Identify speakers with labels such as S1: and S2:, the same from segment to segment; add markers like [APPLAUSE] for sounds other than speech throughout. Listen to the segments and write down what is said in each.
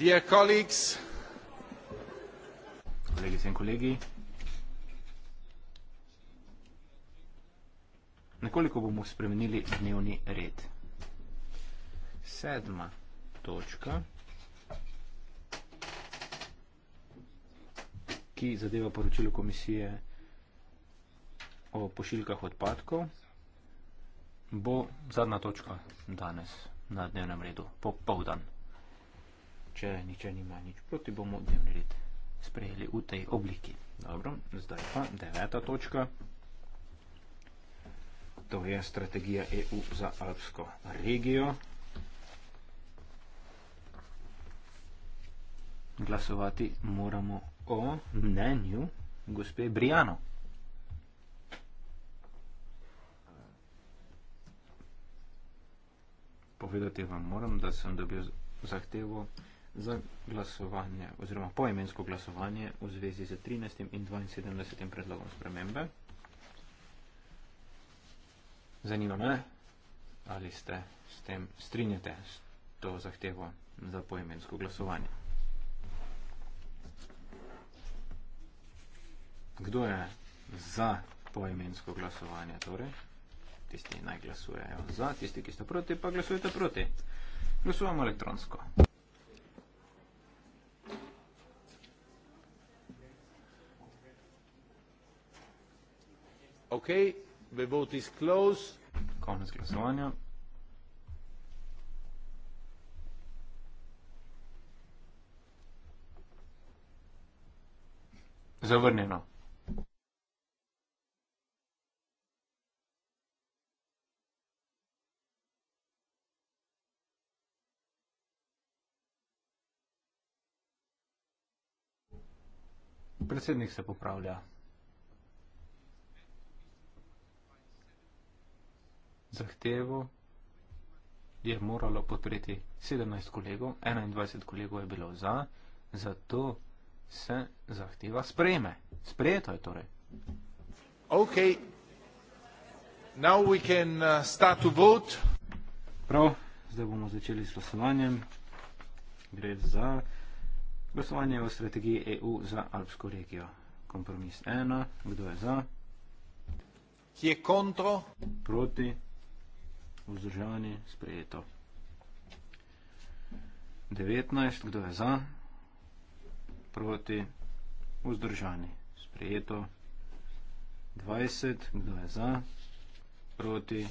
S1: Dear colleagues,
S2: kolegice in kolegi, nekoliko bomo spremenili dnevni red. Sedma točka, ki zadeva poročilo komisije o pošiljkah odpadkov, bo zadnja točka danes na dnevnem redu, popoldan. Po če niče nima nič proti, bomo dnevni red sprejeli v tej obliki. Dobro, zdaj pa deveta točka. To je strategija EU za Alpsko regijo. Glasovati moramo o mnenju gospe Briano. Povedati vam moram, da sem dobil zahtevo za glasovanje oziroma poimensko glasovanje v zvezi z 13. in 72. predlogom spremembe. Zanima me, ali ste s tem strinjate s to zahtevo za poimensko glasovanje. Kdo je za poimensko glasovanje? Torej, tisti naj glasujejo za, tisti, ki ste proti, pa glasujete proti. Glasujemo elektronsko.
S1: Okay, the vote is
S2: closed. Konec glasovanja. Zavrnjeno. Predsednik se popravlja. zahtevo je moralo podpreti 17 kolegov, 21 kolegov je bilo za, zato se zahteva sprejme. Sprejeto je torej. Ok,
S1: now we can uh, start to vote.
S2: Prav, zdaj bomo začeli s glasovanjem. Gre za glasovanje v strategiji EU za Alpsko regijo. Kompromis 1, kdo je za? Ki je kontro? Proti vzdržani, sprejeto. 19, kdo je za, proti, vzdržani, sprejeto. 20, kdo je za, proti,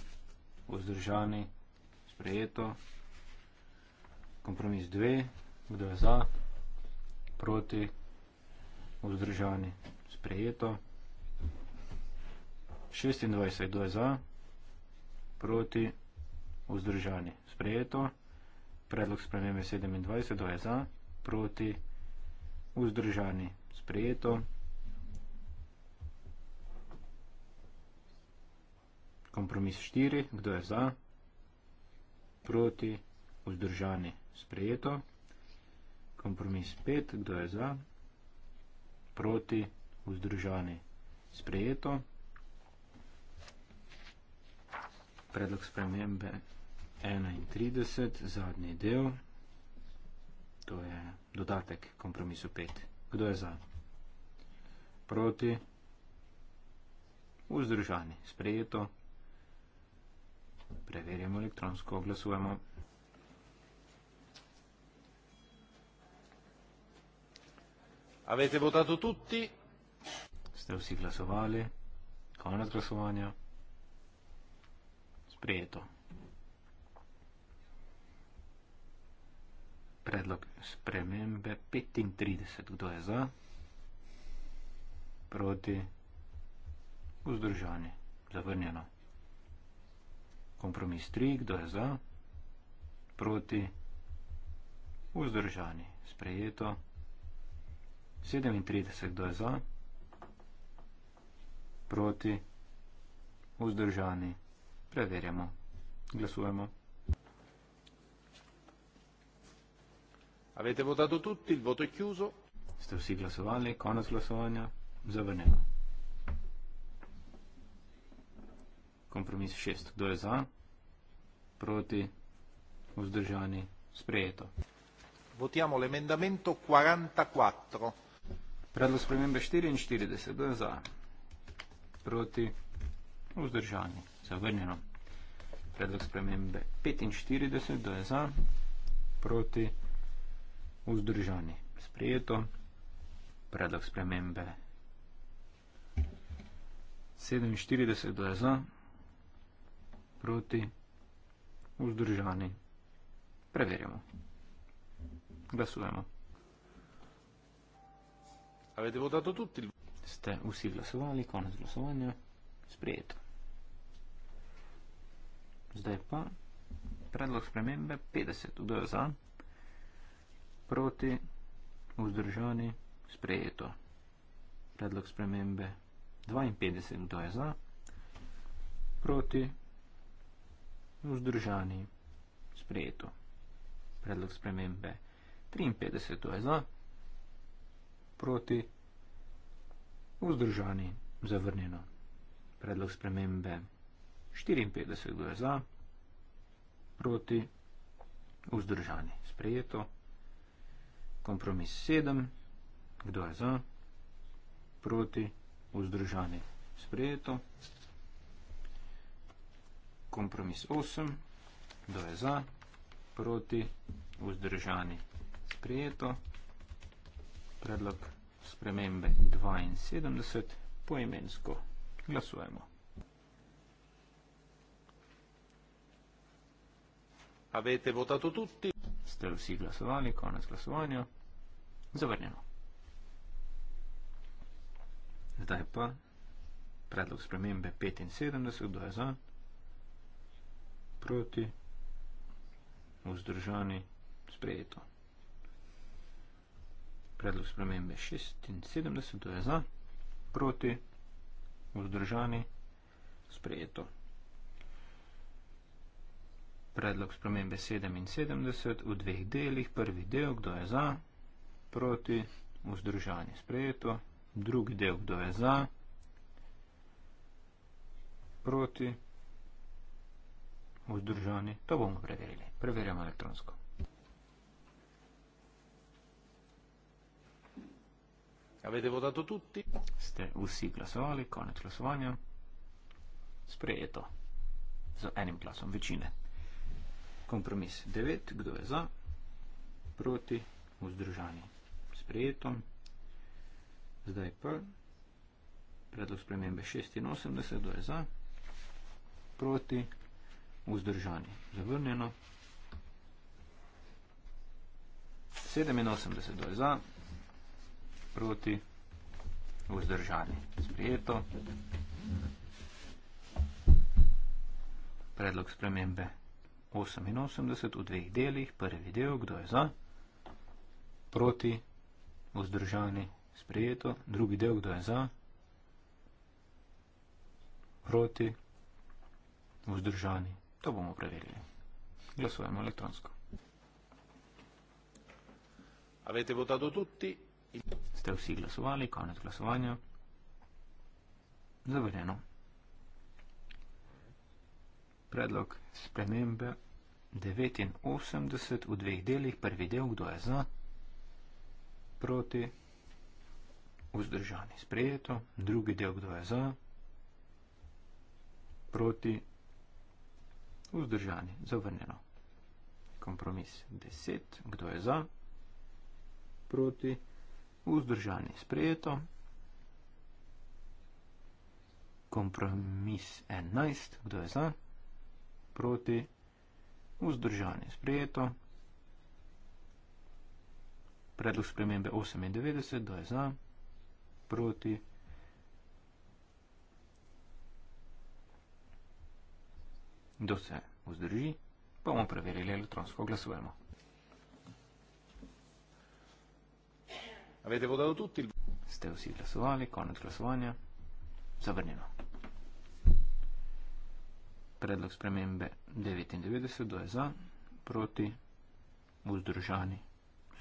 S2: vzdržani, sprejeto. Kompromis 2, kdo je za, proti, vzdržani, sprejeto. 26, kdo je za, proti, vzdržani, sprejeto proti, vzdržani. Sprejeto. Predlog spremembe 27 je za, proti, vzdržani. Sprejeto. Kompromis 4, kdo je za, proti, vzdržani. Sprejeto. Kompromis 5, kdo je za, proti, vzdržani. Sprejeto. Sprejeto. predlog spremembe 31, zadnji del, to je dodatek kompromisu 5. Kdo je za? Proti? Vzdržani. Sprejeto. Preverjamo elektronsko, glasujemo.
S1: Avete votato tutti?
S2: Ste vsi glasovali? Konec glasovanja sprejeto. Predlog spremembe 35. Kdo je za? Proti? Vzdržani. Zavrnjeno. Kompromis 3. Kdo je za? Proti? Vzdržani. Sprejeto. 37. Kdo je za? Proti? Vzdržani. Proti? Preverjamo. Glasujemo.
S1: Avete votato tutti, il voto è chiuso.
S2: Ste vsi glasovali, konec glasovanja, zavrnjeno. Kompromis šest. Kdo je za? Proti? Vzdržani? Sprejeto.
S1: Votiamo l'emendamento 44.
S2: Predlog spremembe 44. Kdo je za? Proti? Vzdržani? zavrnjeno. Predlog spremembe 45, da je za, proti, vzdržani. Sprejeto. Predlog spremembe 47, da je za, proti, vzdržani. Preverjamo. Glasujemo. Avete votato tutti? Ste vsi glasovali, konec glasovanja, sprejeto. Zdaj pa predlog spremembe 50. Kdo je za? Proti, vzdržani, sprejeto. Predlog spremembe 52. Kdo je za? Proti, vzdržani, sprejeto. Predlog spremembe 53. Kdo je za? Proti, vzdržani, zavrnjeno. Predlog spremembe 53. 54, kdo je za, proti, vzdržani, sprejeto. Kompromis 7, kdo je za, proti, vzdržani, sprejeto. Kompromis 8, kdo je za, proti, vzdržani, sprejeto. Predlog spremembe 72, poimensko glasujemo. Ja.
S1: Avete votato tutti?
S2: Ste vsi glasovali, konec glasovanja. Zavrnjeno. Zdaj pa predlog spremembe 75, kdo je za? Proti? Vzdržani? Sprejeto. Predlog spremembe 76, kdo je za? Proti? Vzdržani? Sprejeto predlog spremembe 77 v dveh delih. Prvi del, kdo je za, proti, vzdržanje sprejeto. Drugi del, kdo je za, proti, vzdržanje. To bomo preverili. Preverjamo elektronsko.
S1: Avete votato tutti?
S2: Ste vsi glasovali, konec glasovanja. Sprejeto. Z enim glasom večine kompromis 9, kdo je za, proti, vzdržani, sprejetom, zdaj pa predlog spremembe 86, kdo je za, proti, vzdržani, zavrnjeno, 87, kdo je za, proti, vzdržani, sprejeto, predlog spremembe 86, 88 v dveh delih, prvi del, kdo je za, proti, vzdržani, sprejeto, drugi del, kdo je za, proti, vzdržani. To bomo preverili. Glasujemo elektronsko.
S1: Avete votato tutti?
S2: Ste vsi glasovali, konec glasovanja. Zavedeno predlog spremembe 89 v dveh delih, prvi del, kdo je za, proti, vzdržani, sprejeto, drugi del, kdo je za, proti, vzdržani, zavrnjeno, kompromis 10, kdo je za, proti, vzdržani, sprejeto, kompromis 11, kdo je za, proti, proti,
S3: vzdržanje
S2: sprejeto. Predlog spremembe 98, da je za, proti. Kdo se vzdrži, pa bomo preverili elektronsko, glasujemo. Ste vsi glasovali, konec glasovanja, zavrnjeno predlog spremembe 99, kdo je za, proti, vzdržani,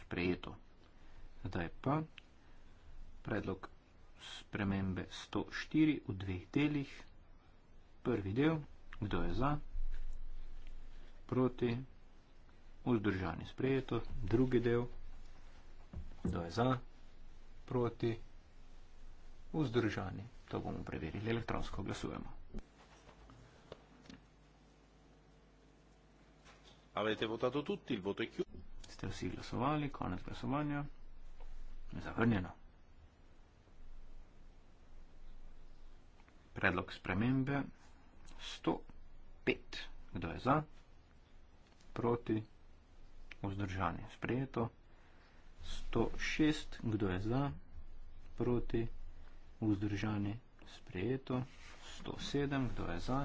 S2: sprejeto. Zdaj pa predlog spremembe 104 v dveh delih. Prvi del, kdo je za, proti, vzdržani, sprejeto. Drugi del, kdo je za, proti, vzdržani. To bomo preverili elektronsko, glasujemo.
S1: Avete votato tutti, il voto è chiuso.
S2: Ste vsi glasovali, konec glasovanja. Zavrnjeno. Predlog spremembe 105. Kdo je za? Proti? Vzdržanje. Sprejeto. 106. Kdo je za? Proti? Vzdržanje. Sprejeto. 107. Kdo je za?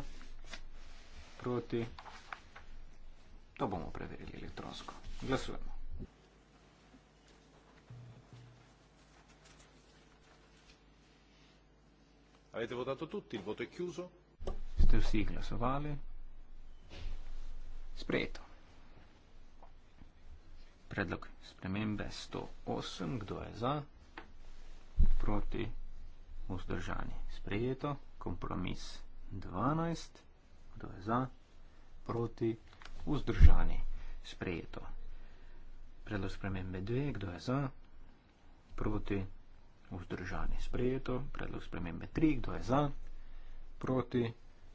S2: Proti? Vzdržanje. To bomo preverili elektronsko. Glasujemo.
S1: Avete votato tutti, il voto è chiuso.
S2: Ste vsi glasovali. Sprejeto. Predlog spremembe 108, kdo je za? Proti vzdržani. Sprejeto. Kompromis 12, kdo je za? Proti vzdržani vzdržani, sprejeto. Predlog spremembe dve, kdo je za? Proti, vzdržani, sprejeto. Predlog spremembe tri, kdo je za? Proti,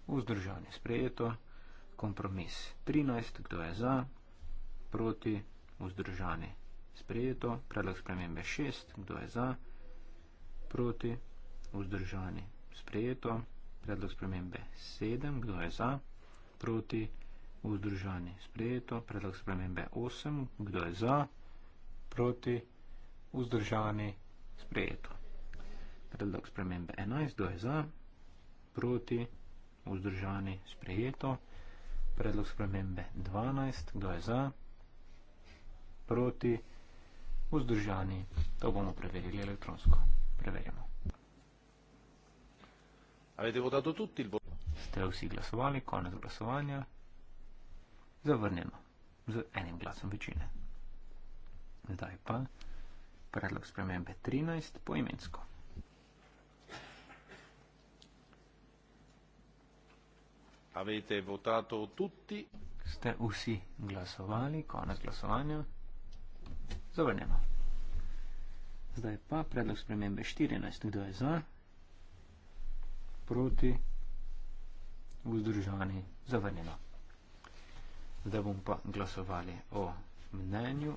S2: vzdržani, sprejeto. Kompromis 13, kdo je za? Proti, vzdržani, sprejeto. Predlog spremembe šest, kdo je za? Proti, vzdržani, sprejeto. Predlog spremembe sedem, kdo je za? Proti, vzdržani, sprejeto vzdržani. Sprejeto, predlog spremembe 8. Kdo je za? Proti, vzdržani, sprejeto. Predlog spremembe 11. Kdo je za? Proti, vzdržani, sprejeto. Predlog spremembe 12. Kdo je za? Proti, vzdržani. To bomo preverili elektronsko. Preverjamo. Ste vsi glasovali, konec glasovanja zavrnjeno z enim glasom večine. Zdaj pa predlog spremembe 13 poimensko.
S1: Avete votato tutti?
S2: Ste vsi glasovali, konec glasovanja. Zavrnjeno. Zdaj pa predlog spremembe 14. Kdo je za? Proti? Vzdržani? Zavrnjeno. Zdaj bom pa glasovali o mnenju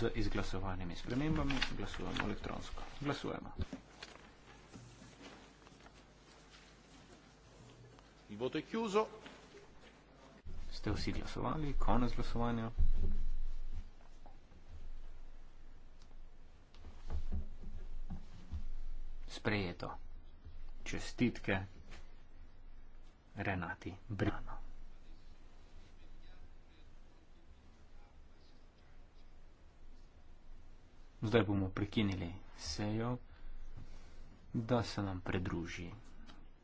S2: z izglasovanimi spremembami. Glasujemo elektronsko. Glasujemo. Bote chiuso. Ste vsi glasovali? Konec glasovanja. Sprejeto. Čestitke Renati Brano. Zdaj bomo prekinili sejo, da se nam pridruži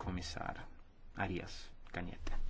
S2: komisar Arias Kanjete.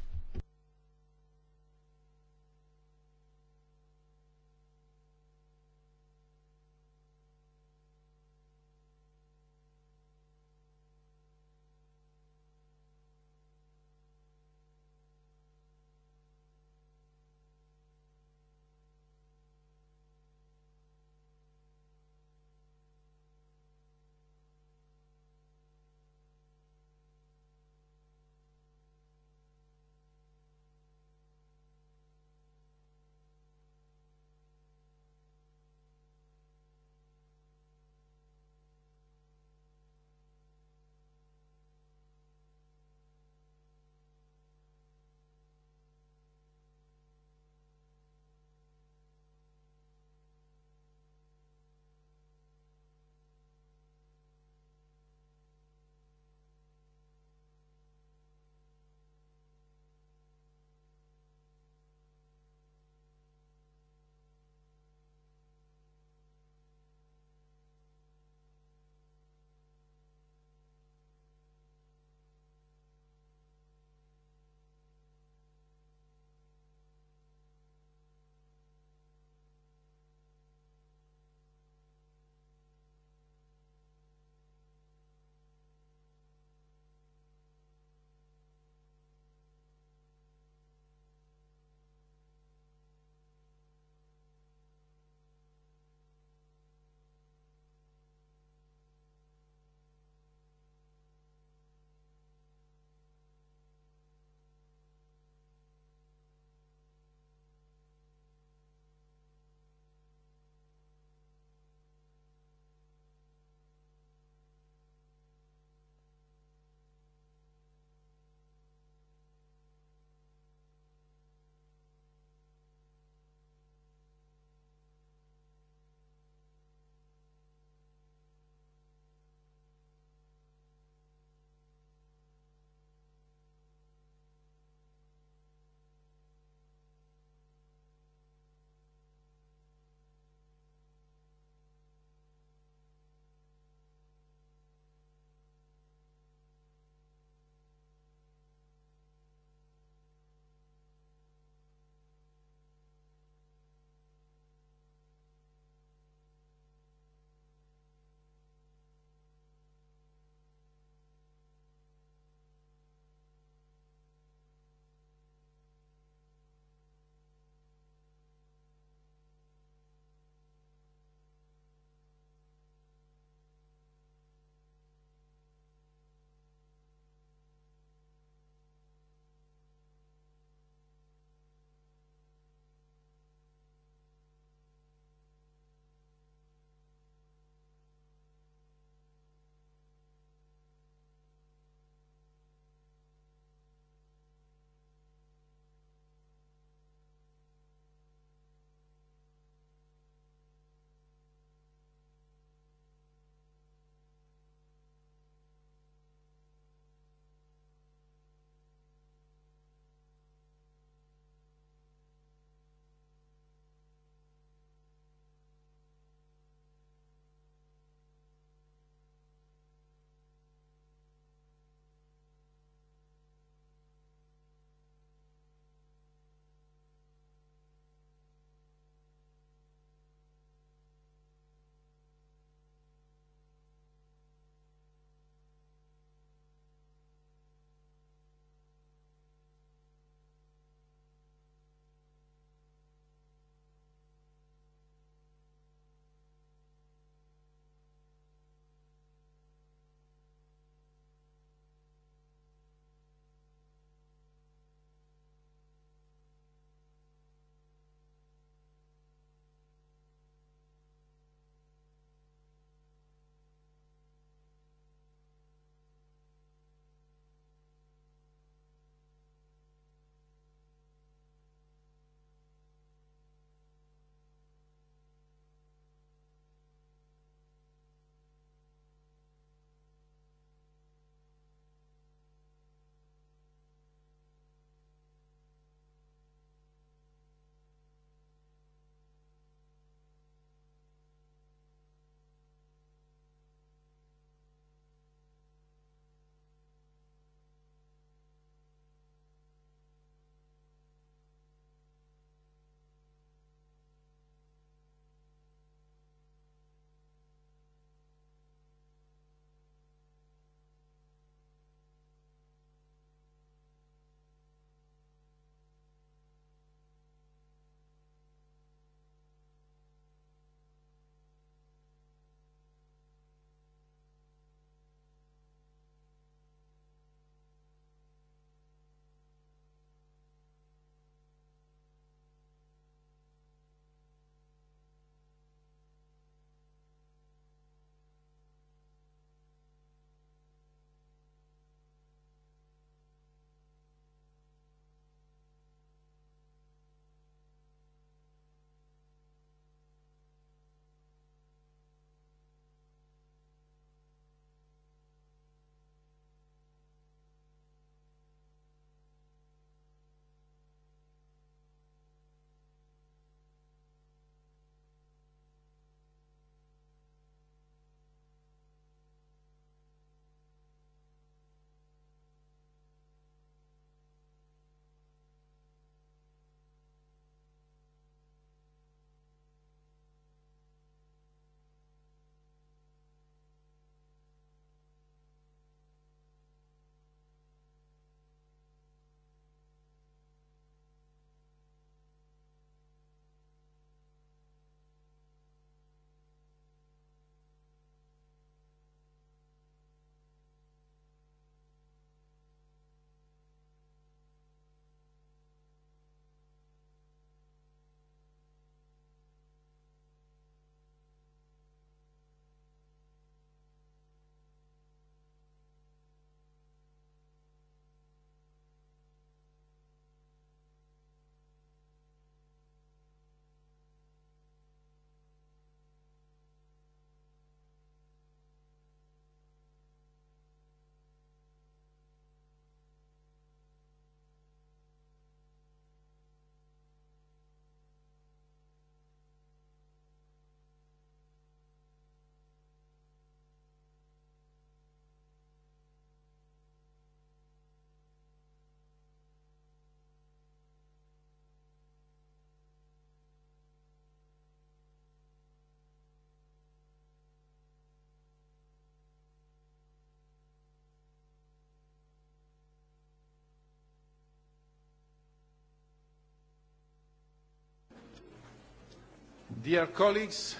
S2: Dear colleagues,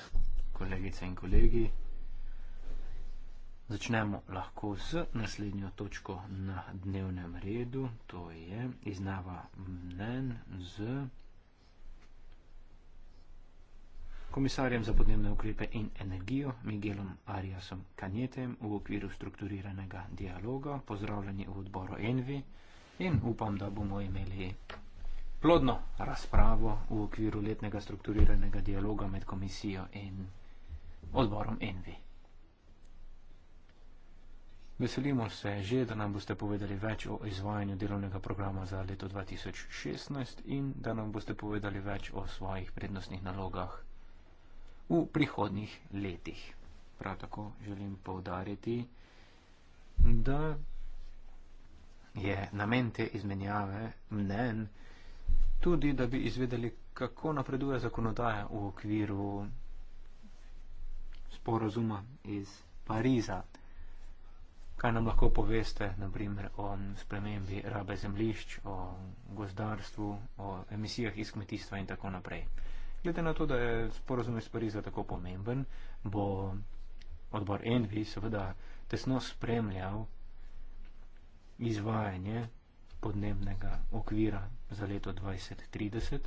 S2: kolegice in kolegi, začnemo lahko z naslednjo točko na dnevnem redu, to je iznava mnen z komisarjem za podnebne ukrepe in energijo Miguelom Ariasom Kanjetem v okviru strukturiranega dialoga, pozdravljeni v odboru Envi in upam, da bomo imeli plodno razpravo v okviru letnega strukturiranega dialoga med komisijo in odborom ENVI. Veselimo se že, da nam boste povedali več o izvajanju delovnega programa za leto 2016 in da nam boste povedali več o svojih prednostnih nalogah v prihodnih letih. Prav tako želim povdariti, da je namen te izmenjave mnen, da je namen te izmenjave mnen, tudi, da bi izvedeli, kako napreduje zakonodaja v okviru sporozuma iz Pariza. Kaj nam lahko poveste, naprimer, o spremembi rabe zemlišč, o gozdarstvu, o emisijah iz kmetijstva in tako naprej. Glede na to, da je sporozum iz Pariza tako pomemben, bo odbor Envi seveda tesno spremljal izvajanje podnebnega okvira za leto 2030,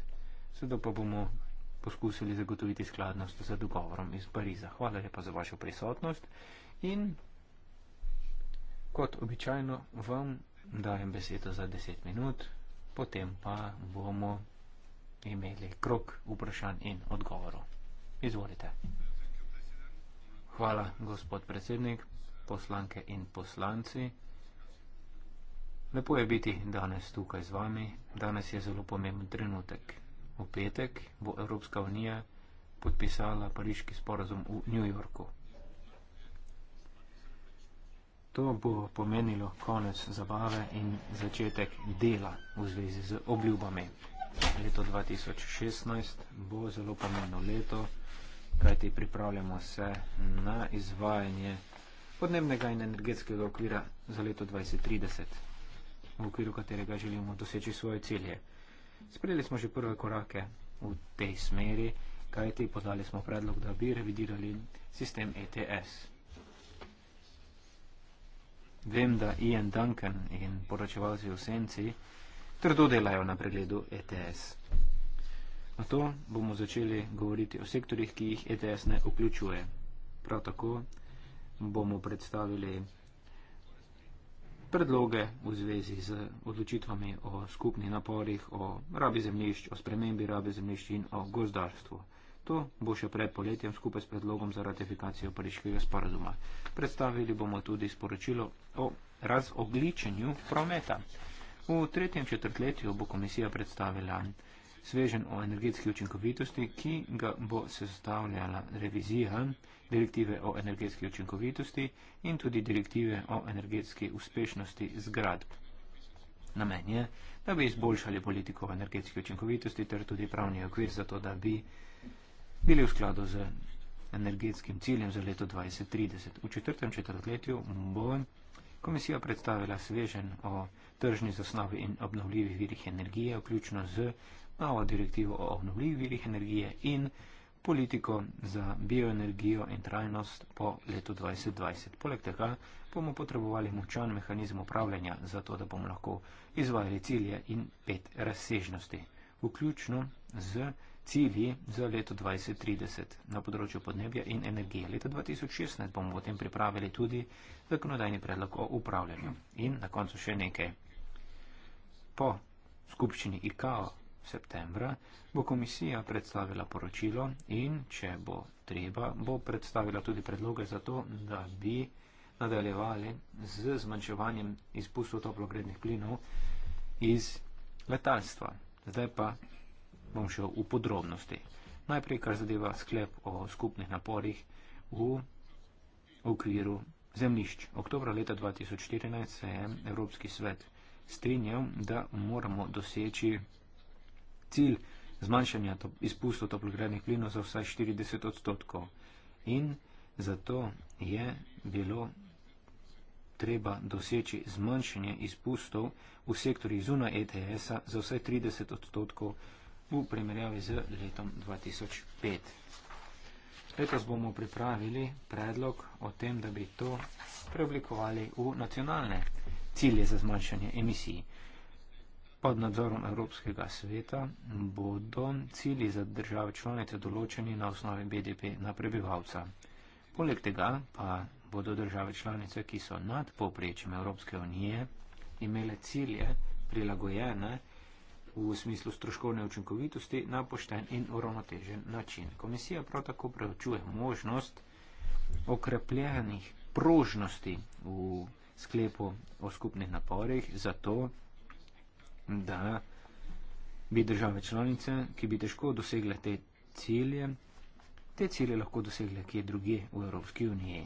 S2: sedaj pa bomo poskusili zagotoviti skladnost z dogovorom iz Pariza. Hvala lepa za vašo prisotnost in kot običajno vam dajem besedo za 10 minut, potem pa bomo imeli krok vprašanj in odgovorov. Izvolite. Hvala, gospod predsednik, poslanke in poslanci. Lepo je biti danes tukaj z vami. Danes je zelo pomemben trenutek. V petek bo Evropska unija podpisala pariški sporazum v New Yorku. To bo pomenilo konec zabave in začetek dela v zvezi z obljubami. Leto 2016 bo zelo pomembno leto, kajti pripravljamo se na izvajanje podnebnega in energetskega okvira za leto 2030 v okviru katerega želimo doseči svoje cilje. Sprejeli smo že prve korake v tej smeri, kajti podali smo predlog, da bi revidirali sistem ETS. Vem, da Ian Duncan in poročevalci v senci trdo delajo na pregledu ETS. Na to bomo začeli govoriti o sektorjih, ki jih ETS ne vključuje. Prav tako bomo predstavili predloge v zvezi z odločitvami o skupnih naporih, o rabi zemljišč, o spremembi rabi zemljišč in o gozdarstvu. To bo še pred poletjem skupaj s predlogom za ratifikacijo pariškega sporazuma. Predstavili bomo tudi sporočilo o razogličenju prometa. V tretjem četrtletju bo komisija predstavila svežen o energetski učinkovitosti, ki ga bo sestavljala revizija direktive o energetski očinkovitosti in tudi direktive o energetski uspešnosti zgradb. Namen je, da bi izboljšali politiko o energetski očinkovitosti ter tudi pravni okvir za to, da bi bili v skladu z energetskim ciljem za leto 2030. V četrtem četrtletju bo komisija predstavila svežen o tržni zasnovi in obnovljivih virih energije, vključno z novo direktivo o obnovljivih virih energije in energije, politiko za bioenergijo in trajnost po letu 2020. Poleg tega bomo potrebovali močan mehanizem upravljanja, zato da bomo lahko izvajali cilje in pet razsežnosti, vključno z cilji za leto 2030 na področju podnebja in energije. Leta 2016 bomo potem pripravili tudi zakonodajni predlog o upravljanju. In na koncu še nekaj. Po skupščini IKO septembra bo komisija predstavila poročilo in, če bo treba, bo predstavila tudi predloge za to, da bi nadaljevali z zmanjševanjem izpustov toplogrednih plinov iz letalstva. Zdaj pa bom šel v podrobnosti. Najprej, kar zadeva sklep o skupnih naporih v okviru zemlišč. Oktobra leta 2014 se je Evropski svet strinjal, da moramo doseči cilj zmanjšanja to, izpustov toplogrednih plinov za vsaj 40 odstotkov. In zato je bilo treba doseči zmanjšanje izpustov v sektorjih zunaj ETS-a za vsaj 30 odstotkov v primerjavi z letom 2005. Letos bomo pripravili predlog o tem, da bi to preoblikovali v nacionalne cilje za zmanjšanje emisij pod nadzorom Evropskega sveta bodo cilji za države članice določeni na osnovi BDP na prebivalca. Poleg tega pa bodo države članice, ki so nad povprečjem Evropske unije, imele cilje prilagojene v smislu stroškovne učinkovitosti na pošten in uravnotežen način. Komisija prav tako preučuje možnost okrepljenih prožnosti v sklepu o skupnih naporih za to, da bi države članice, ki bi težko dosegle te cilje, te cilje lahko dosegle kje druge v Evropski uniji.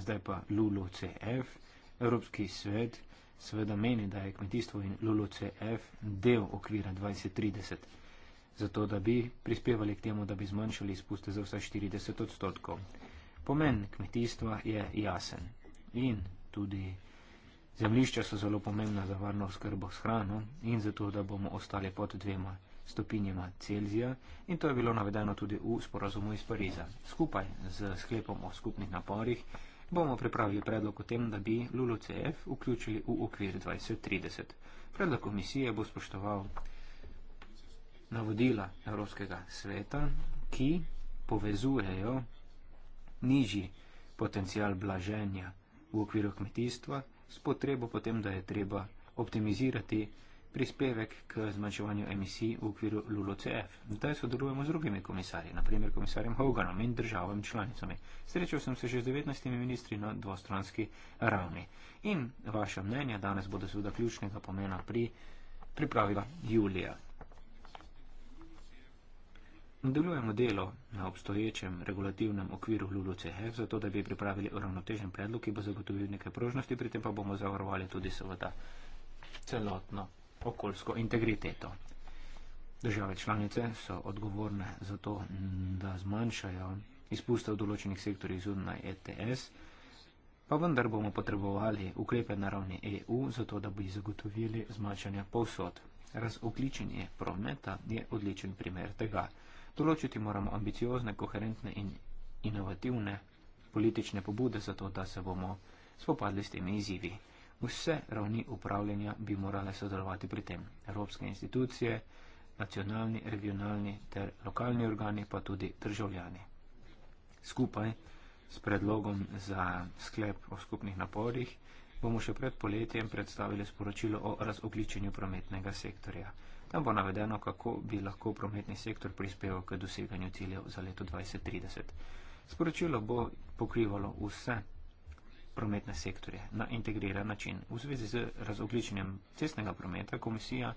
S2: Zdaj pa LULUCF, Evropski svet, seveda meni, da je kmetijstvo in LULUCF del okvira 2030, zato da bi prispevali k temu, da bi zmanjšali izpuste za vsaj 40 odstotkov. Pomen kmetijstva je jasen in tudi. Zemlišča so zelo pomembna za varno skrbo s hrano in zato, da bomo ostali pod dvema stopinjama Celzija in to je bilo navedeno tudi v sporazumu iz Pariza. Skupaj z sklepom o skupnih naporih bomo pripravili predlog o tem, da bi LULUCF vključili v okvir 2030. Predlog komisije bo spoštoval navodila Evropskega sveta, ki povezujejo nižji potencial blaženja v okviru kmetijstva s potrebo potem, da je treba optimizirati prispevek k zmanjševanju emisij v okviru LULOCF. Zdaj sodelujemo z drugimi komisarji, naprimer komisarjem Hoganom in državam članicami. Srečal sem se že z 19 ministri na dvostranski ravni. In vaša mnenja danes bodo seveda ključnega pomena pri pripravila Julija. Nadaljujemo delo na obstoječem regulativnem okviru LULUCF, zato da bi pripravili uravnotežen predlog, ki bo zagotovil nekaj prožnosti, pri tem pa bomo zavarovali tudi seveda celotno okoljsko integriteto. Države članice so odgovorne za to, da zmanjšajo izpuste v določenih sektorjih zunaj ETS, pa vendar bomo potrebovali ukrepe na ravni EU, zato da bi zagotovili zmanjšanje povsod. Razokličenje prometa je odličen primer tega. Določiti moramo ambiciozne, koherentne in inovativne politične pobude za to, da se bomo spopadli s temi izzivi. Vse ravni upravljanja bi morale sodelovati pri tem. Evropske institucije, nacionalni, regionalni ter lokalni organi, pa tudi državljani. Skupaj s predlogom za sklep o skupnih naporih bomo še pred poletjem predstavili sporočilo o razogličenju prometnega sektorja. Tam bo navedeno, kako bi lahko prometni sektor prispeval k doseganju ciljev za leto 2030. Sporočilo bo pokrivalo vse prometne sektorje na integriran način. V zvezi z razogličenjem cestnega prometa komisija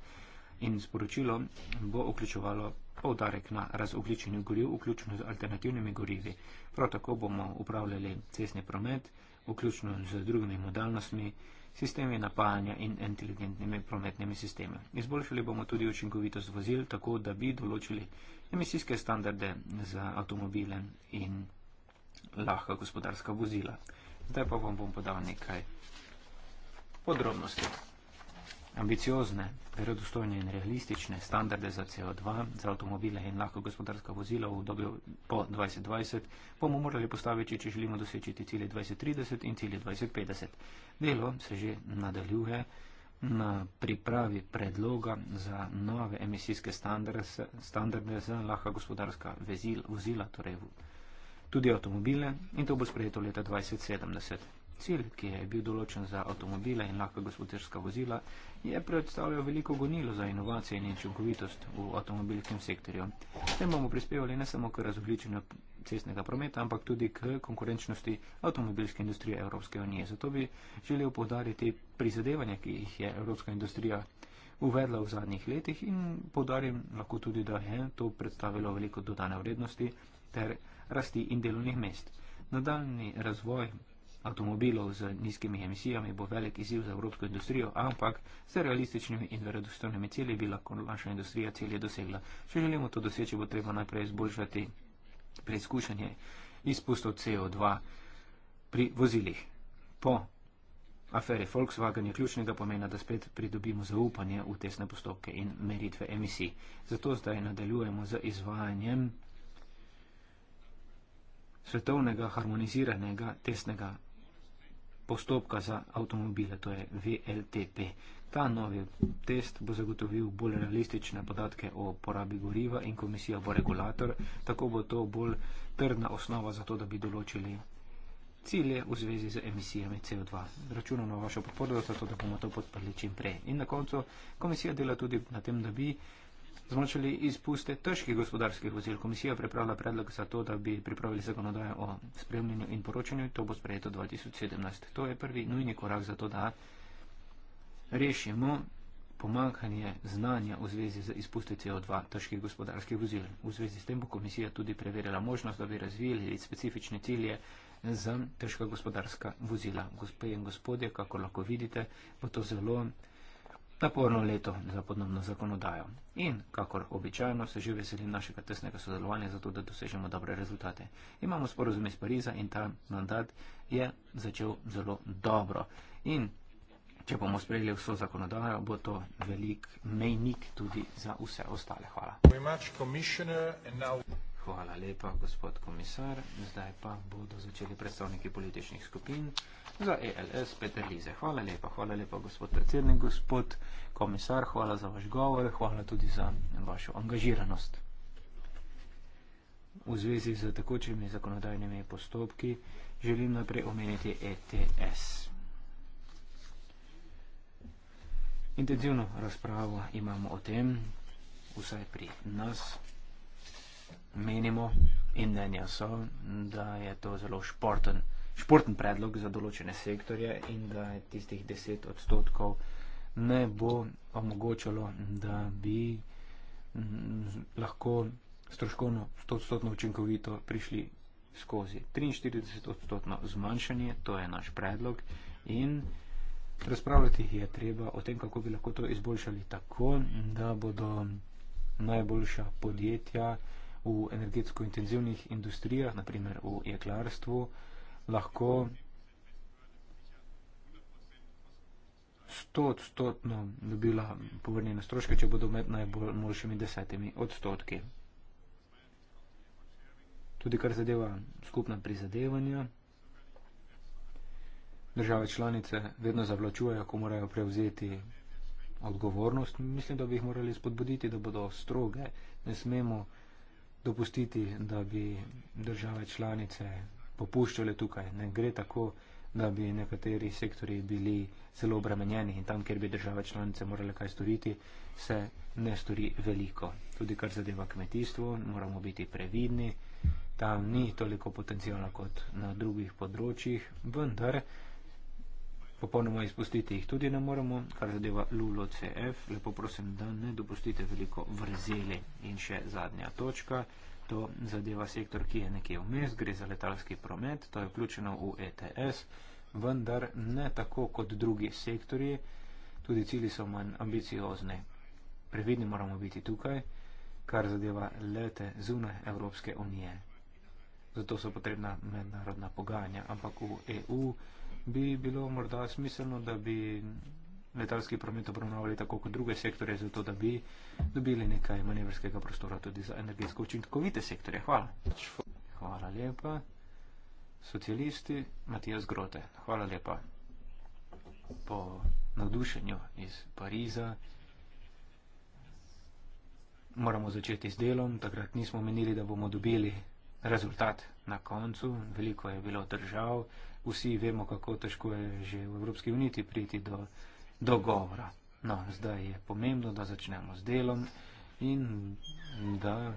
S2: in sporočilo bo vključevalo povdarek na razogličenju goriv, vključno z alternativnimi gorivi. Prav tako bomo upravljali cestni promet, vključno z drugimi modalnostmi, sistemi napajanja in inteligentnimi prometnimi sistemi. Izboljšali bomo tudi učinkovitost vozil, tako da bi določili emisijske standarde za avtomobile in lahka gospodarska vozila. Zdaj pa vam bom podal nekaj podrobnosti ambiciozne, verodostojne in realistične standarde za CO2, za avtomobile in lahko gospodarska vozila v obdobju po 2020, bomo morali postaviti, če želimo dosečiti cilje 2030 in cilje 2050. Delo se že nadaljuje na pripravi predloga za nove emisijske standarde za lahko gospodarska vozila, torej tudi avtomobile in to bo sprejeto leta 2070. Cilj, ki je bil določen za avtomobile in lahka gospodarska vozila, je predstavljal veliko gonilo za inovacije in učinkovitost v avtomobilskem sektorju. S tem bomo prispevali ne samo k razogličenju cestnega prometa, ampak tudi k konkurenčnosti avtomobilske industrije Evropske unije. Zato bi želel povdariti prizadevanja, ki jih je Evropska industrija uvedla v zadnjih letih in povdarim lahko tudi, da je to predstavilo veliko dodane vrednosti ter rasti in delovnih mest. Nadaljni razvoj avtomobilov z nizkimi emisijami bo velik izziv za evropsko industrijo, ampak s realističnimi in verodostojnimi cilji bi lahko naša industrija cilje dosegla. Če želimo to doseči, bo treba najprej izboljšati preizkušanje izpustov CO2 pri vozilih. Po aferi Volkswagen je ključnega pomena, da spet pridobimo zaupanje v tesne postopke in meritve emisij. Zato zdaj nadaljujemo z izvajanjem svetovnega harmoniziranega testnega postopka za avtomobile, to je VLTP. Ta novi test bo zagotovil bolj realistične podatke o porabi goriva in komisija bo regulator, tako bo to bolj trdna osnova za to, da bi določili cilje v zvezi z emisijami CO2. Računam na vašo podporo, zato da bomo to podprli čim prej. In na koncu komisija dela tudi na tem, da bi zmanjšali izpuste težkih gospodarskih vozil. Komisija pripravlja predlog za to, da bi pripravili zakonodajo o spremljanju in poročanju. To bo sprejeto 2017. To je prvi nujni korak za to, da rešimo pomankanje znanja v zvezi z izpusti CO2 težkih gospodarskih vozil. V zvezi s tem bo komisija tudi preverila možnost, da bi razvili specifične cilje za težka gospodarska vozila. Gospe in gospodje, kako lahko vidite, bo to zelo naporno leto za podnebno zakonodajo. In, kakor običajno, se že veselim našega tesnega sodelovanja za to, da dosežemo dobre rezultate. Imamo sporozum iz Pariza in ta mandat je začel zelo dobro. In, če bomo sprejeli vso zakonodajo, bo to velik mejnik tudi za vse ostale. Hvala.
S1: Hvala.
S2: Hvala lepa, gospod komisar. Zdaj pa bodo začeli predstavniki političnih skupin za ELS Peter Lize. Hvala lepa, hvala lepa, gospod predsednik, gospod komisar. Hvala za vaš govor, hvala tudi za vašo angažiranost. V zvezi z takočimi zakonodajnimi postopki želim najprej omeniti ETS. Intenzivno razpravo imamo o tem, vsaj pri nas menimo in mnenja so, da je to zelo športen, športen predlog za določene sektorje in da je tistih 10 odstotkov ne bo omogočalo, da bi mm, lahko stroškovno 100 odstotno učinkovito prišli skozi 43 odstotno zmanjšanje, to je naš predlog in razpravljati je treba o tem, kako bi lahko to izboljšali tako, da bodo najboljša podjetja v energetsko intenzivnih industrijah, naprimer v jeklarstvu, lahko sto odstotno dobila povrnjene stroške, če bodo med najboljšimi desetimi odstotki. Tudi kar zadeva skupna prizadevanja, države članice vedno zavlačujejo, ko morajo prevzeti odgovornost. Mislim, da bi jih morali spodbuditi, da bodo stroge. Ne smemo dopustiti, da bi države članice popuščale tukaj. Ne gre tako, da bi nekateri sektori bili zelo obremenjeni in tam, kjer bi države članice morale kaj storiti, se ne stori veliko. Tudi kar zadeva kmetijstvo, moramo biti previdni. Tam ni toliko potencijala kot na drugih področjih, vendar popolnoma izpustiti jih tudi ne moremo, kar zadeva Lulo CF. Lepo prosim, da ne dopustite veliko vrzeli. In še zadnja točka, to zadeva sektor, ki je nekje vmes, gre za letalski promet, to je vključeno v ETS, vendar ne tako kot drugi sektori, tudi cili so manj ambiciozni. Previdni moramo biti tukaj, kar zadeva lete zunaj Evropske unije. Zato so potrebna mednarodna pogajanja, ampak v EU bi bilo morda smiselno, da bi letalski promet obravnavali tako kot druge sektore, zato da bi dobili nekaj manevrskega prostora tudi za energetsko učinkovite sektore. Hvala. Hvala lepa. Socialisti Matija Zgrote. Hvala lepa. Po navdušenju iz Pariza moramo začeti s delom. Takrat nismo menili, da bomo dobili rezultat na koncu. Veliko je bilo držav, vsi vemo, kako težko je že v Evropski uniji priti do dogovora. No, zdaj je pomembno, da začnemo z delom in da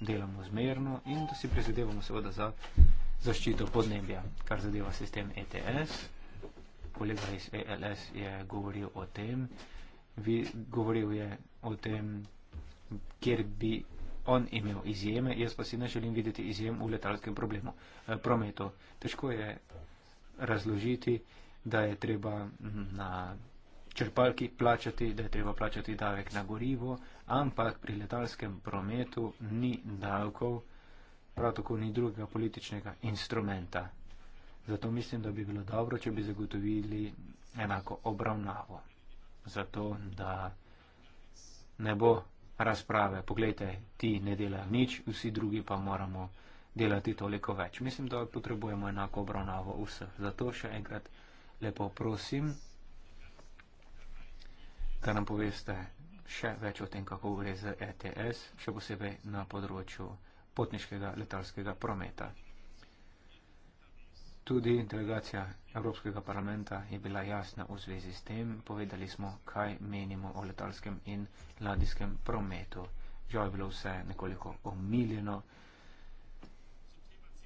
S2: delamo zmerno in da si prizadevamo seveda za zaščito podnebja, kar zadeva sistem ETS. Kolega iz ELS je govoril o tem, Vi, govoril je o tem, kjer bi on imel izjeme, jaz pa si ne želim videti izjem v letalskem problemu, eh, prometu. Težko je razložiti, da je treba mm, na črpalki plačati, da je treba plačati davek na gorivo, ampak pri letalskem prometu ni davkov, prav tako ni drugega političnega instrumenta. Zato mislim, da bi bilo dobro, če bi zagotovili enako obravnavo. Zato, da ne bo razprave, poglejte, ti ne delajo nič, vsi drugi pa moramo delati toliko več. Mislim, da potrebujemo enako obravnavo vseh. Zato še enkrat lepo prosim, da nam poveste še več o tem, kako gre z ETS, še posebej na področju potniškega letalskega prometa. Tudi delegacija Evropskega parlamenta je bila jasna v zvezi s tem. Povedali smo, kaj menimo o letalskem in ladijskem prometu. Žal je bilo vse nekoliko omiljeno.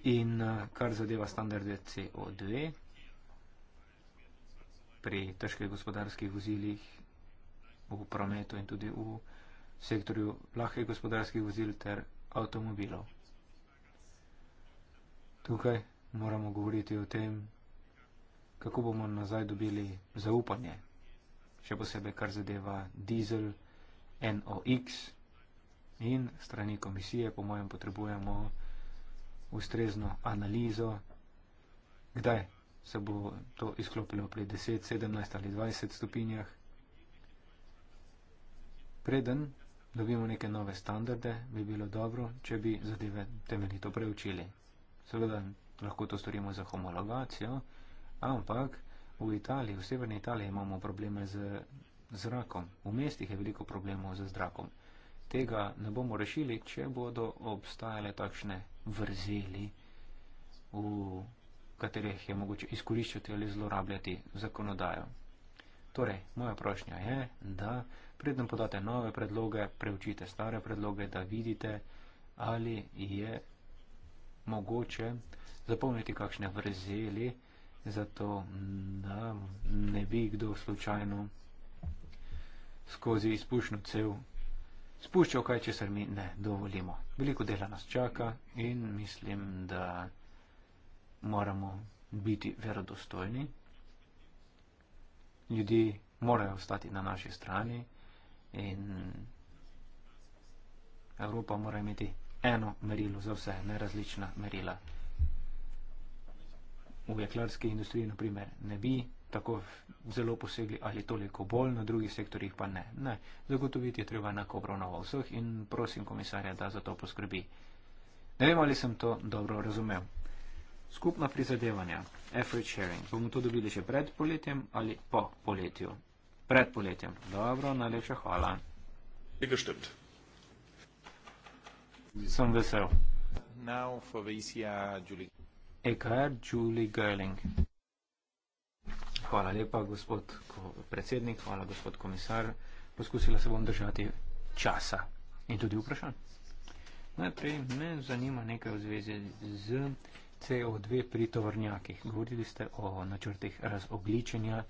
S2: In eh, kar zadeva standarde CO2, pri težkih gospodarskih vozilih v prometu in tudi v sektorju lahkih gospodarskih vozil ter avtomobilov. Tukaj moramo govoriti o tem, kako bomo nazaj dobili zaupanje, še posebej kar zadeva dizel NOx in strani komisije, po mojem, potrebujemo ustrezno analizo, kdaj se bo to izklopilo pri 10, 17 ali 20 stopinjah. Preden dobimo neke nove standarde, bi bilo dobro, če bi zadeve temeljito preučili. Seveda lahko to storimo za homologacijo, ampak v Italiji, v severni Italiji imamo probleme z zrakom. V mestih je veliko problemov z zrakom. Tega ne bomo rešili, če bodo obstajale takšne vrzeli, v katerih je mogoče izkoriščati ali zlorabljati zakonodajo. Torej, moja prošnja je, da predem podate nove predloge, preučite stare predloge, da vidite, ali je mogoče zapolniti kakšne vrzeli, zato da ne bi kdo slučajno skozi izpušno cev spuščal kaj, če se mi ne dovolimo. Veliko dela nas čaka in mislim, da moramo biti verodostojni. Ljudje morajo ostati na naši strani in Evropa mora imeti eno merilo za vse, ne različna merila. V jeklarski industriji, na primer, ne bi tako zelo posegli ali toliko bolj, na drugih sektorjih pa ne. ne. Zagotoviti je treba enako obravnavo vseh in prosim komisarja, da za to poskrbi. Ne vem, ali sem to dobro razumel. Skupna prizadevanja, effort sharing, bomo to dobili še pred poletjem ali po poletju? Pred poletjem. Dobro, najlepša hvala. Nekaj štept. Sem vesel. EKR, e Julie Gerling. Hvala lepa, gospod predsednik, hvala, gospod komisar. Poskusila se bom držati časa in tudi vprašanj. Najprej me zanima nekaj v zvezi z CO2 pri tovornjakih. Govorili ste o načrtih razogličenja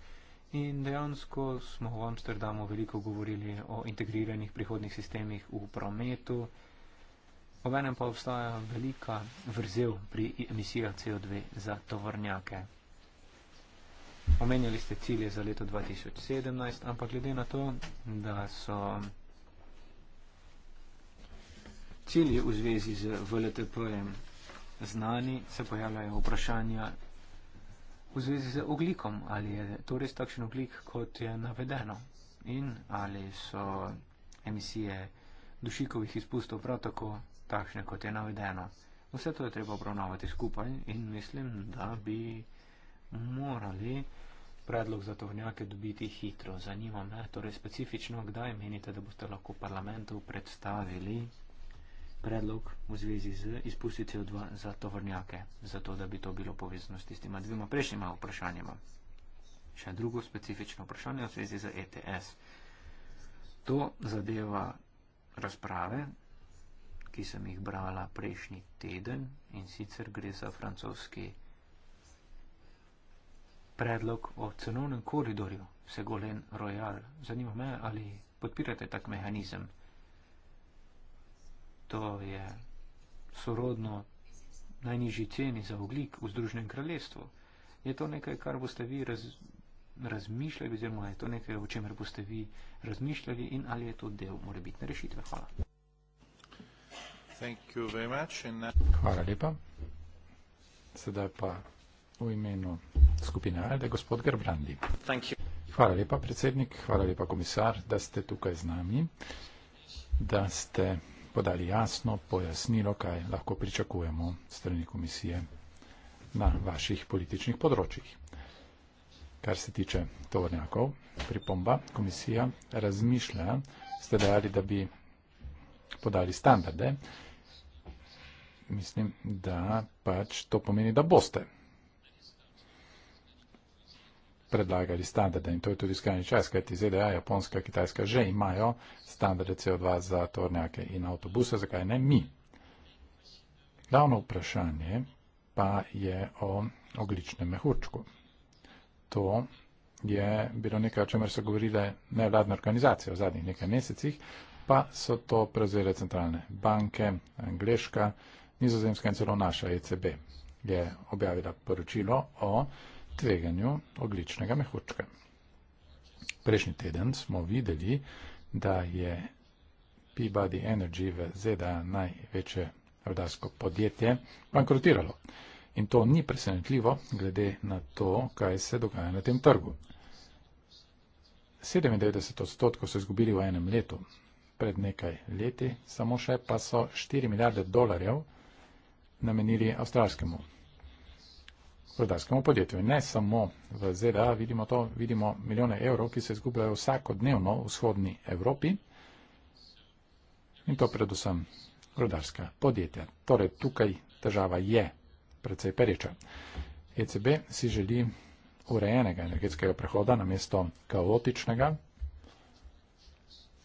S2: in dejansko smo v Amsterdamu veliko govorili o integriranih prihodnih sistemih v prometu. Obenem pa obstaja velika vrzel pri emisijah CO2 za tovornjake. Omenjali ste cilje za leto 2017, ampak glede na to, da so cilji v zvezi z VLTP-jem znani, se pojavljajo vprašanja v zvezi z oglikom, ali je to res takšen oglik, kot je navedeno in ali so emisije CO2 dušikovih izpustov prav tako takšne, kot je navedeno. Vse to je treba obravnavati skupaj in mislim, da bi morali predlog za tovnjake dobiti hitro. Zanima me, torej specifično, kdaj menite, da boste lahko parlamentu predstavili predlog v zvezi z izpusti CO2 za tovrnjake, zato da bi to bilo povezano s tistima dvima prejšnjima vprašanjima. Še drugo specifično vprašanje v zvezi z ETS. To zadeva razprave, ki sem jih brala prejšnji teden in sicer gre za francoski predlog o cenovnem koridorju Segolen Royal. Zanima me, ali podpirate tak mehanizem. To je sorodno najnižji ceni za oglik v Združenem kraljestvu. Je to nekaj, kar boste vi raz, razmišljali oziroma je to nekaj, o čemer boste vi razmišljali in ali je to del morebitne rešitve. Hvala. Hvala
S1: lepa.
S4: Sedaj pa v imenu skupine Alde, gospod Gerbrandi. Hvala lepa, predsednik, hvala lepa, komisar, da ste tukaj z nami, da ste podali jasno pojasnilo, kaj lahko pričakujemo strani komisije na vaših političnih področjih kar se tiče tovornjakov, pripomba, komisija razmišlja, ste dejali, da bi podali standarde. Mislim, da pač to pomeni, da boste predlagali standarde in to je tudi skrajni čas, kajti ZDA, Japonska, Kitajska že imajo standarde CO2 za tovornjake in avtobuse, zakaj ne mi? Glavno vprašanje pa je o ogličnem mehurčku to je bilo nekaj, o čemer so govorile nevladne organizacije v zadnjih nekaj mesecih, pa so to prevzele centralne banke, angliška, nizozemska in celo naša ECB je objavila poročilo o tveganju ogličnega mehurčka. Prejšnji teden smo videli, da je Peabody Energy v ZDA največje rodarsko podjetje bankrotiralo. In to ni presenetljivo, glede na to, kaj se dogaja na tem trgu. 97 odstotkov so izgubili v enem letu, pred nekaj leti, samo še pa so 4 milijarde dolarjev namenili avstralskemu rodarskemu podjetju. In ne samo v ZDA, vidimo to, vidimo milijone evrov, ki se izgubljajo vsakodnevno v vzhodni Evropi in to predvsem rodarska podjetja. Torej, tukaj država je precej pereča. ECB si želi urejenega energetskega prehoda na mesto kaotičnega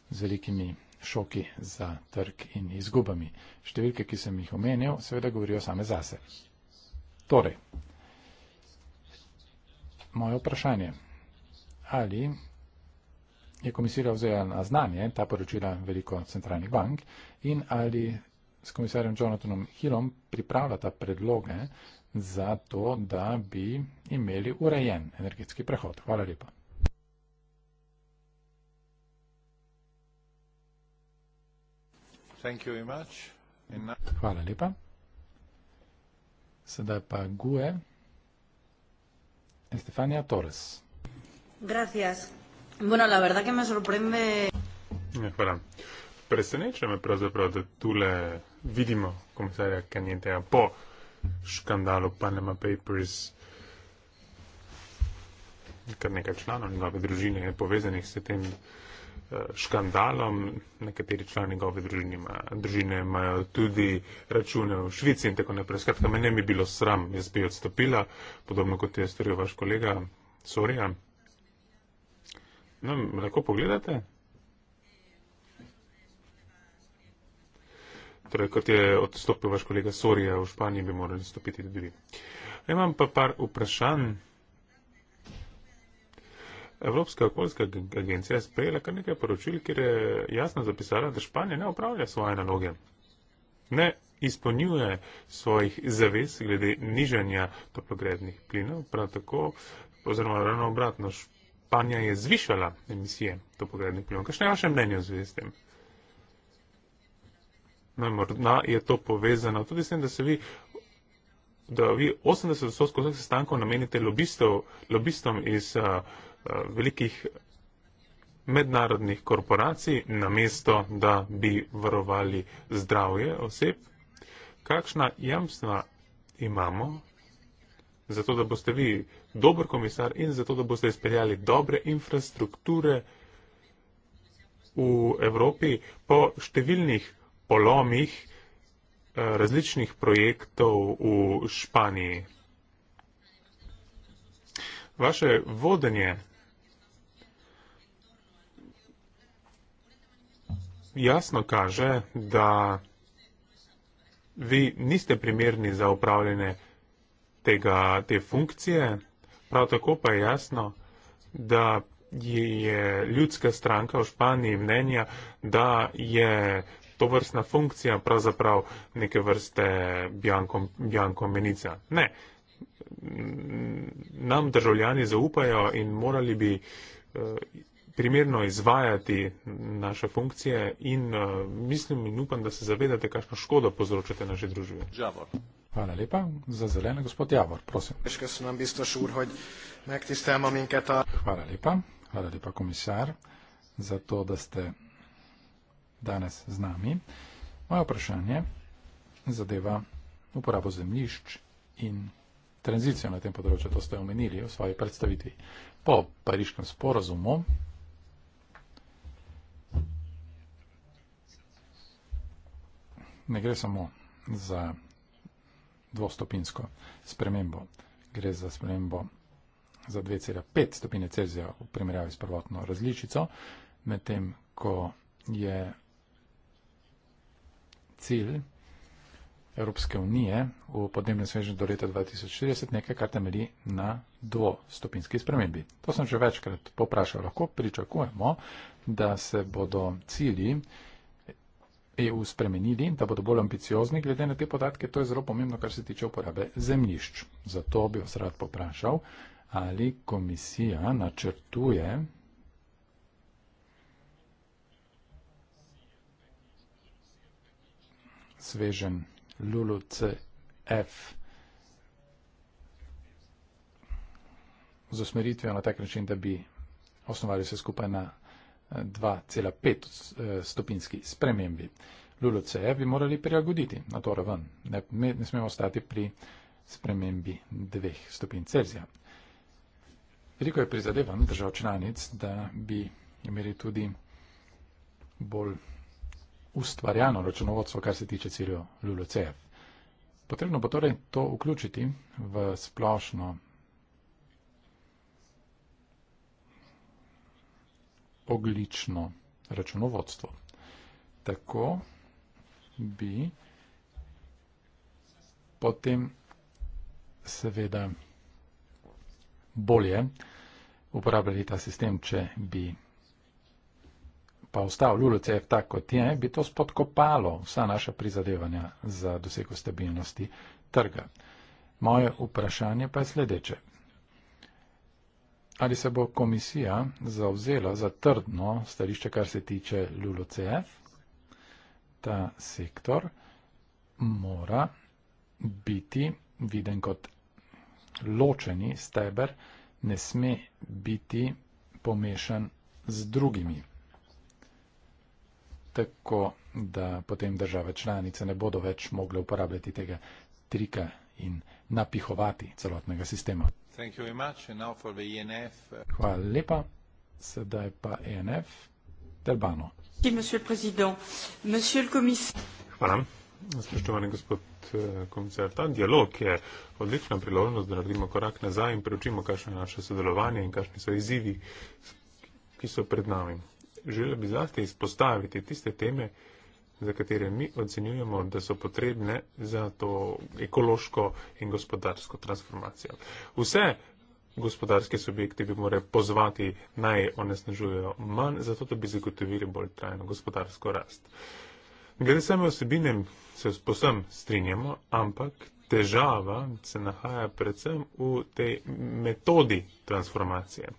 S4: z velikimi šoki za trg in izgubami. Številke, ki sem jih omenil, seveda govorijo same zase. Torej, moje vprašanje, ali je komisija vzela na znanje ta poročila veliko centralnih bank in ali s komisarjem Jonathanom Hillom pripravljata predloge za to, da bi imeli urejen energetski prehod. Hvala lepa. Hvala lepa. Sedaj pa GUE. Estefania Torres.
S1: Gracias. Bueno, la verdad que me sorprende.
S3: Ja, hvala preseneča me pravzaprav, da tule vidimo komisarja Kenjeteja po škandalu Panama Papers. Kar nekaj članov njegove družine je povezanih s tem eh, škandalom. Nekateri člani njegove ima, družine imajo tudi račune v Švici in tako naprej. Skratka, meni bi bilo sram, jaz bi odstopila, podobno kot je storil vaš kolega Sorja. No, lahko pogledate. torej kot je odstopil vaš kolega Sorija v Španiji, bi morali stopiti tudi vi. Ja, imam pa par vprašanj. Evropska okoljska agencija je sprejela kar nekaj poročil, kjer je jasno zapisala, da Španija ne upravlja svoje naloge, ne izpolnjuje svojih zavez glede nižanja toplogrednih plinov, prav tako, oziroma ravno obratno, Španija je zvišala emisije toplogrednih plinov. Kaj je vaše mnenje o zvezdem? Ne, no, morda je to povezano tudi s tem, da se vi, da vi 80% vseh sestankov namenite lobistom iz uh, uh, velikih mednarodnih korporacij, namesto da bi varovali zdravje oseb. Kakšna jamstva imamo? Zato, da boste vi dober komisar in zato, da boste izpeljali dobre infrastrukture v Evropi po številnih polomih eh, različnih projektov v Španiji. Vaše vodenje jasno kaže, da vi niste primerni za upravljanje tega, te funkcije, prav tako pa je jasno, da je ljudska stranka v Španiji mnenja, da je to vrstna funkcija pravzaprav neke vrste bjanko menica. Ne, nam državljani zaupajo in morali bi eh, primerno izvajati naše funkcije in eh, mislim in upam, da se zavedate, kakšno škodo povzročate naši družbi. Džavor. Hvala lepa. Za zeleno, gospod Javor, prosim.
S4: Hvala lepa. Hvala lepa, komisar, za to, da ste danes z nami. Moje vprašanje zadeva uporabo zemljišč in tranzicijo na tem področju. To ste omenili v svoji predstavitvi. Po pariškem sporazumu ne gre samo za dvostopinsko spremembo, gre za spremembo za 2,5 stopine Celzija v primerjavi s prvotno različico, medtem ko je cilj Evropske unije v podnebnem svežnju do leta 2040 nekaj, kar temelji na dvostopinski spremembi. To sem že večkrat poprašal. Lahko pričakujemo, da se bodo cilji EU spremenili, da bodo bolj ambiciozni glede na te podatke. To je zelo pomembno, kar se tiče uporabe zemljišč. Zato bi vas rad poprašal, ali komisija načrtuje svežen Lulu CF z usmeritvijo na tak način, da bi osnovali se skupaj na 2,5 eh, eh, stopinski spremembi. Lulu CF bi morali prilagoditi na to raven. Ne, ne smemo ostati pri spremembi 2 stopinj Celzija. Veliko je prizadevan držav članic, da bi imeli tudi bolj ustvarjano računovodstvo, kar se tiče cilju LULUCF. Potrebno bo torej to vključiti v splošno oglično računovodstvo. Tako bi potem seveda bolje uporabljali ta sistem, če bi pa ustavil LULCF tak, kot je, bi to spodkopalo vsa naša prizadevanja za dosego stabilnosti trga. Moje vprašanje pa je sledeče. Ali se bo komisija zauzela za trdno stališče, kar se tiče LULCF? Ta sektor mora biti viden kot ločeni steber, ne sme biti pomešan z drugimi tako da potem države članice ne bodo več mogle uporabljati tega trika in napihovati celotnega sistema.
S1: E uh,
S4: Hvala lepa. Sedaj pa ENF, Delbano.
S3: Hvala. Spoštovani gospod uh, komisar, ta dialog je odlična priložnost, da naredimo korak nazaj in preučimo, kakšno je naše sodelovanje in kakšni so izzivi, ki so pred nami želel bi zlasti izpostaviti tiste teme, za katere mi ocenjujemo, da so potrebne za to ekološko in gospodarsko transformacijo. Vse gospodarske subjekte bi morali pozvati naj onesnažujejo manj, zato da bi zagotovili bolj trajno gospodarsko rast. Glede same osebine se posem strinjamo, ampak težava se nahaja predvsem v tej metodi transformacije.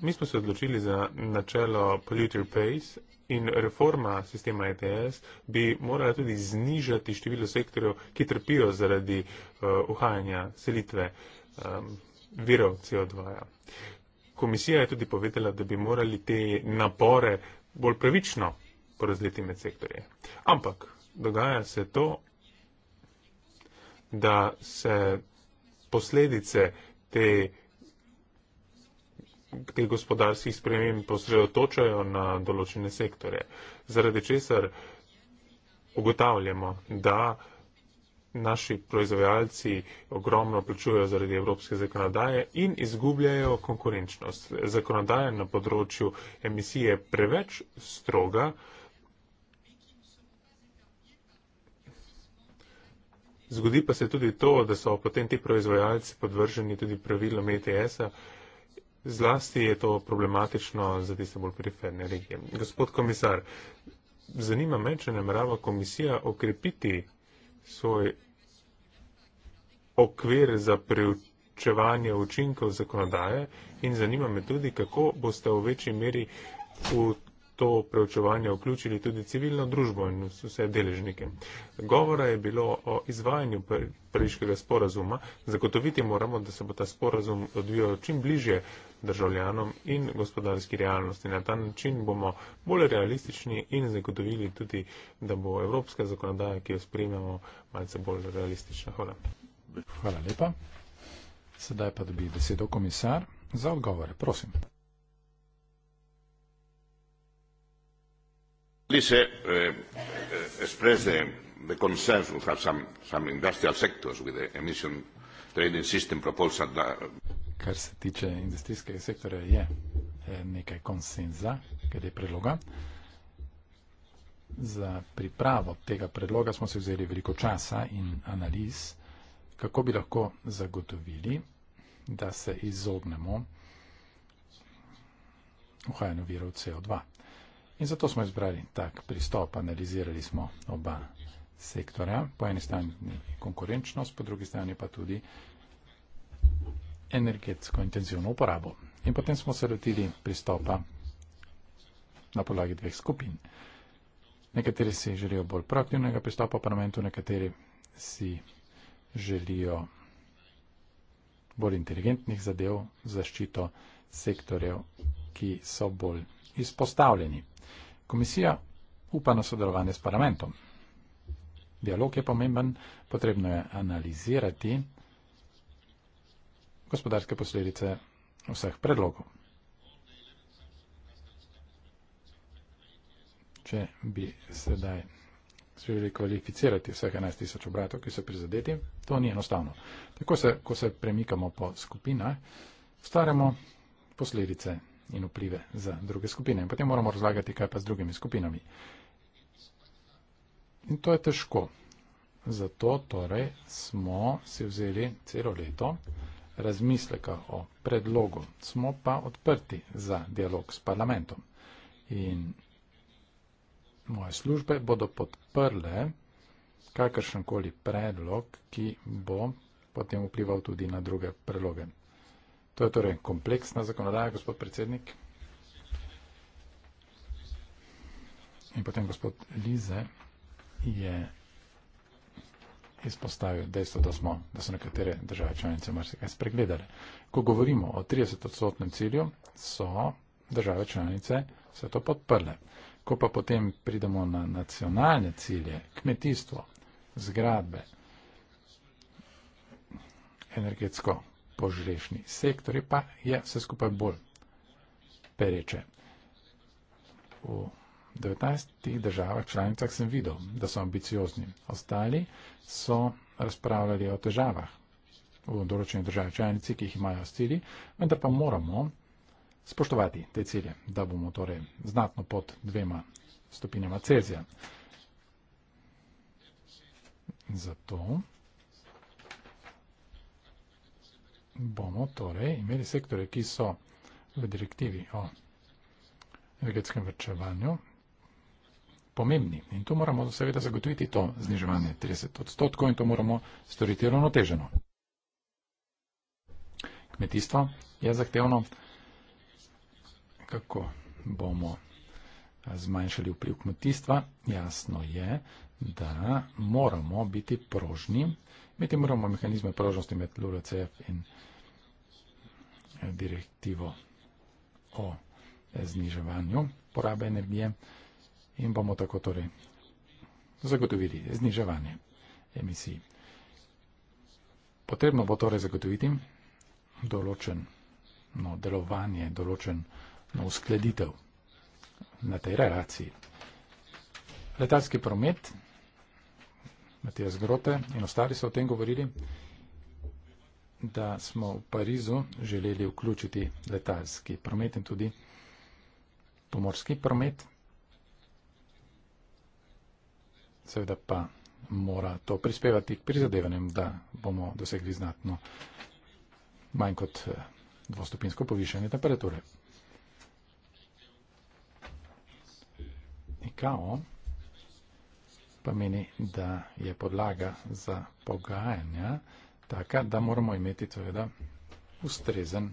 S3: Mi smo se odločili za načelo polluter pays in reforma sistema ETS bi morala tudi znižati število sektorjev, ki trpijo zaradi uh, uhajanja selitve um, virov CO2. Komisija je tudi povedala, da bi morali te napore bolj pravično porazdeliti med sektorje. Ampak dogaja se to, da se posledice te teh gospodarskih sprememb posredotočajo na določene sektore, zaradi česar ugotavljamo, da naši proizvajalci ogromno plačujejo zaradi evropske zakonodaje in izgubljajo konkurenčnost. Zakonodaja na področju emisije je preveč stroga. Zgodi pa se tudi to, da so potem ti proizvajalci podvrženi tudi pravilom ETS-a, Zlasti je to problematično za tiste bolj periferne regije. Gospod komisar, zanima me, če namerava komisija okrepiti svoj okvir za preučevanje učinkov zakonodaje in zanima me tudi, kako boste v večji meri v to preučevanje vključili tudi civilno družbo in vse deležnike. Govora je bilo o izvajanju pariškega sporazuma. Zagotoviti moramo, da se bo ta sporazum odvijal čim bližje državljanom in gospodarski realnosti. Na ta način bomo bolj realistični in zagotovili tudi, da bo evropska zakonodaja, ki jo sprejmemo, malce bolj realistična. Hvala.
S4: Hvala lepa. Sedaj pa dobi besedo komisar za odgovore. Prosim.
S1: Dice, eh, eh express the, the concerns we have some, some industrial sectors with the emission trading system proposed. That, uh,
S4: kar se tiče industrijskega sektorja, je eh, nekaj konsenza, glede predloga. Za pripravo tega predloga smo se vzeli veliko časa in analiz, kako bi lahko zagotovili, da se izognemo uhajanju virov CO2. In zato smo izbrali tak pristop, analizirali smo oba sektorja, po eni strani konkurenčnost, po drugi strani pa tudi energetsko intenzivno uporabo. In potem smo se lotili pristopa na podlagi dveh skupin. Nekateri si želijo bolj proaktivnega pristopa v parlamentu, nekateri si želijo bolj inteligentnih zadev, zaščito sektorjev, ki so bolj izpostavljeni. Komisija upa na sodelovanje s parlamentom. Dialog je pomemben, potrebno je analizirati gospodarske posledice vseh predlogov. Če bi sedaj želeli kvalificirati vseh 11 tisoč obratov, ki so prizadeti, to ni enostavno. Tako se, ko se premikamo po skupinah, stvarjamo posledice in vplive za druge skupine. In potem moramo razlagati, kaj pa z drugimi skupinami. In to je težko. Zato torej smo si vzeli celo leto razmisleka o predlogu. Smo pa odprti za dialog s parlamentom. In moje službe bodo podprle kakršenkoli predlog, ki bo potem vplival tudi na druge predloge. To je torej kompleksna zakonodaja, gospod predsednik. In potem gospod Lize je izpostavil dejstvo, da, smo, da so nekatere države članice marsikaj spregledale. Ko govorimo o 30-odstotnem cilju, so države članice vse to podprle. Ko pa potem pridemo na nacionalne cilje, kmetijstvo, zgradbe, energetsko požrešni sektori, pa je vse skupaj bolj pereče. V 19 državah članicah sem videl, da so ambiciozni. Ostali so razpravljali o težavah v določeni državi članici, ki jih imajo s cilji, vendar pa moramo spoštovati te cilje, da bomo torej znatno pod dvema stopinjama Celzija. Zato bomo torej imeli sektore, ki so v direktivi o energetskem vrčevanju, pomembni. In tu moramo seveda zagotoviti to zniževanje 30 odstotkov in to moramo storiti ravnoteženo. Kmetijstvo je zahtevno, kako bomo zmanjšali vpliv kmetijstva. Jasno je, da moramo biti prožni, imeti moramo mehanizme prožnosti med LULCF in direktivo o e, zniževanju porabe energije in bomo tako torej zagotovili zniževanje emisij. Potrebno bo torej zagotoviti določen no, delovanje, določen no, uskladitev na tej relaciji. Letalski promet, Matijas Grote in ostali so o tem govorili, da smo v Parizu želeli vključiti letalski promet in tudi pomorski promet. seveda pa mora to prispevati k prizadevanjem, da bomo dosegli znatno manj kot eh, dvostopinsko povišanje temperature. ICAO pa meni, da je podlaga za pogajanja taka, da moramo imeti seveda ustrezen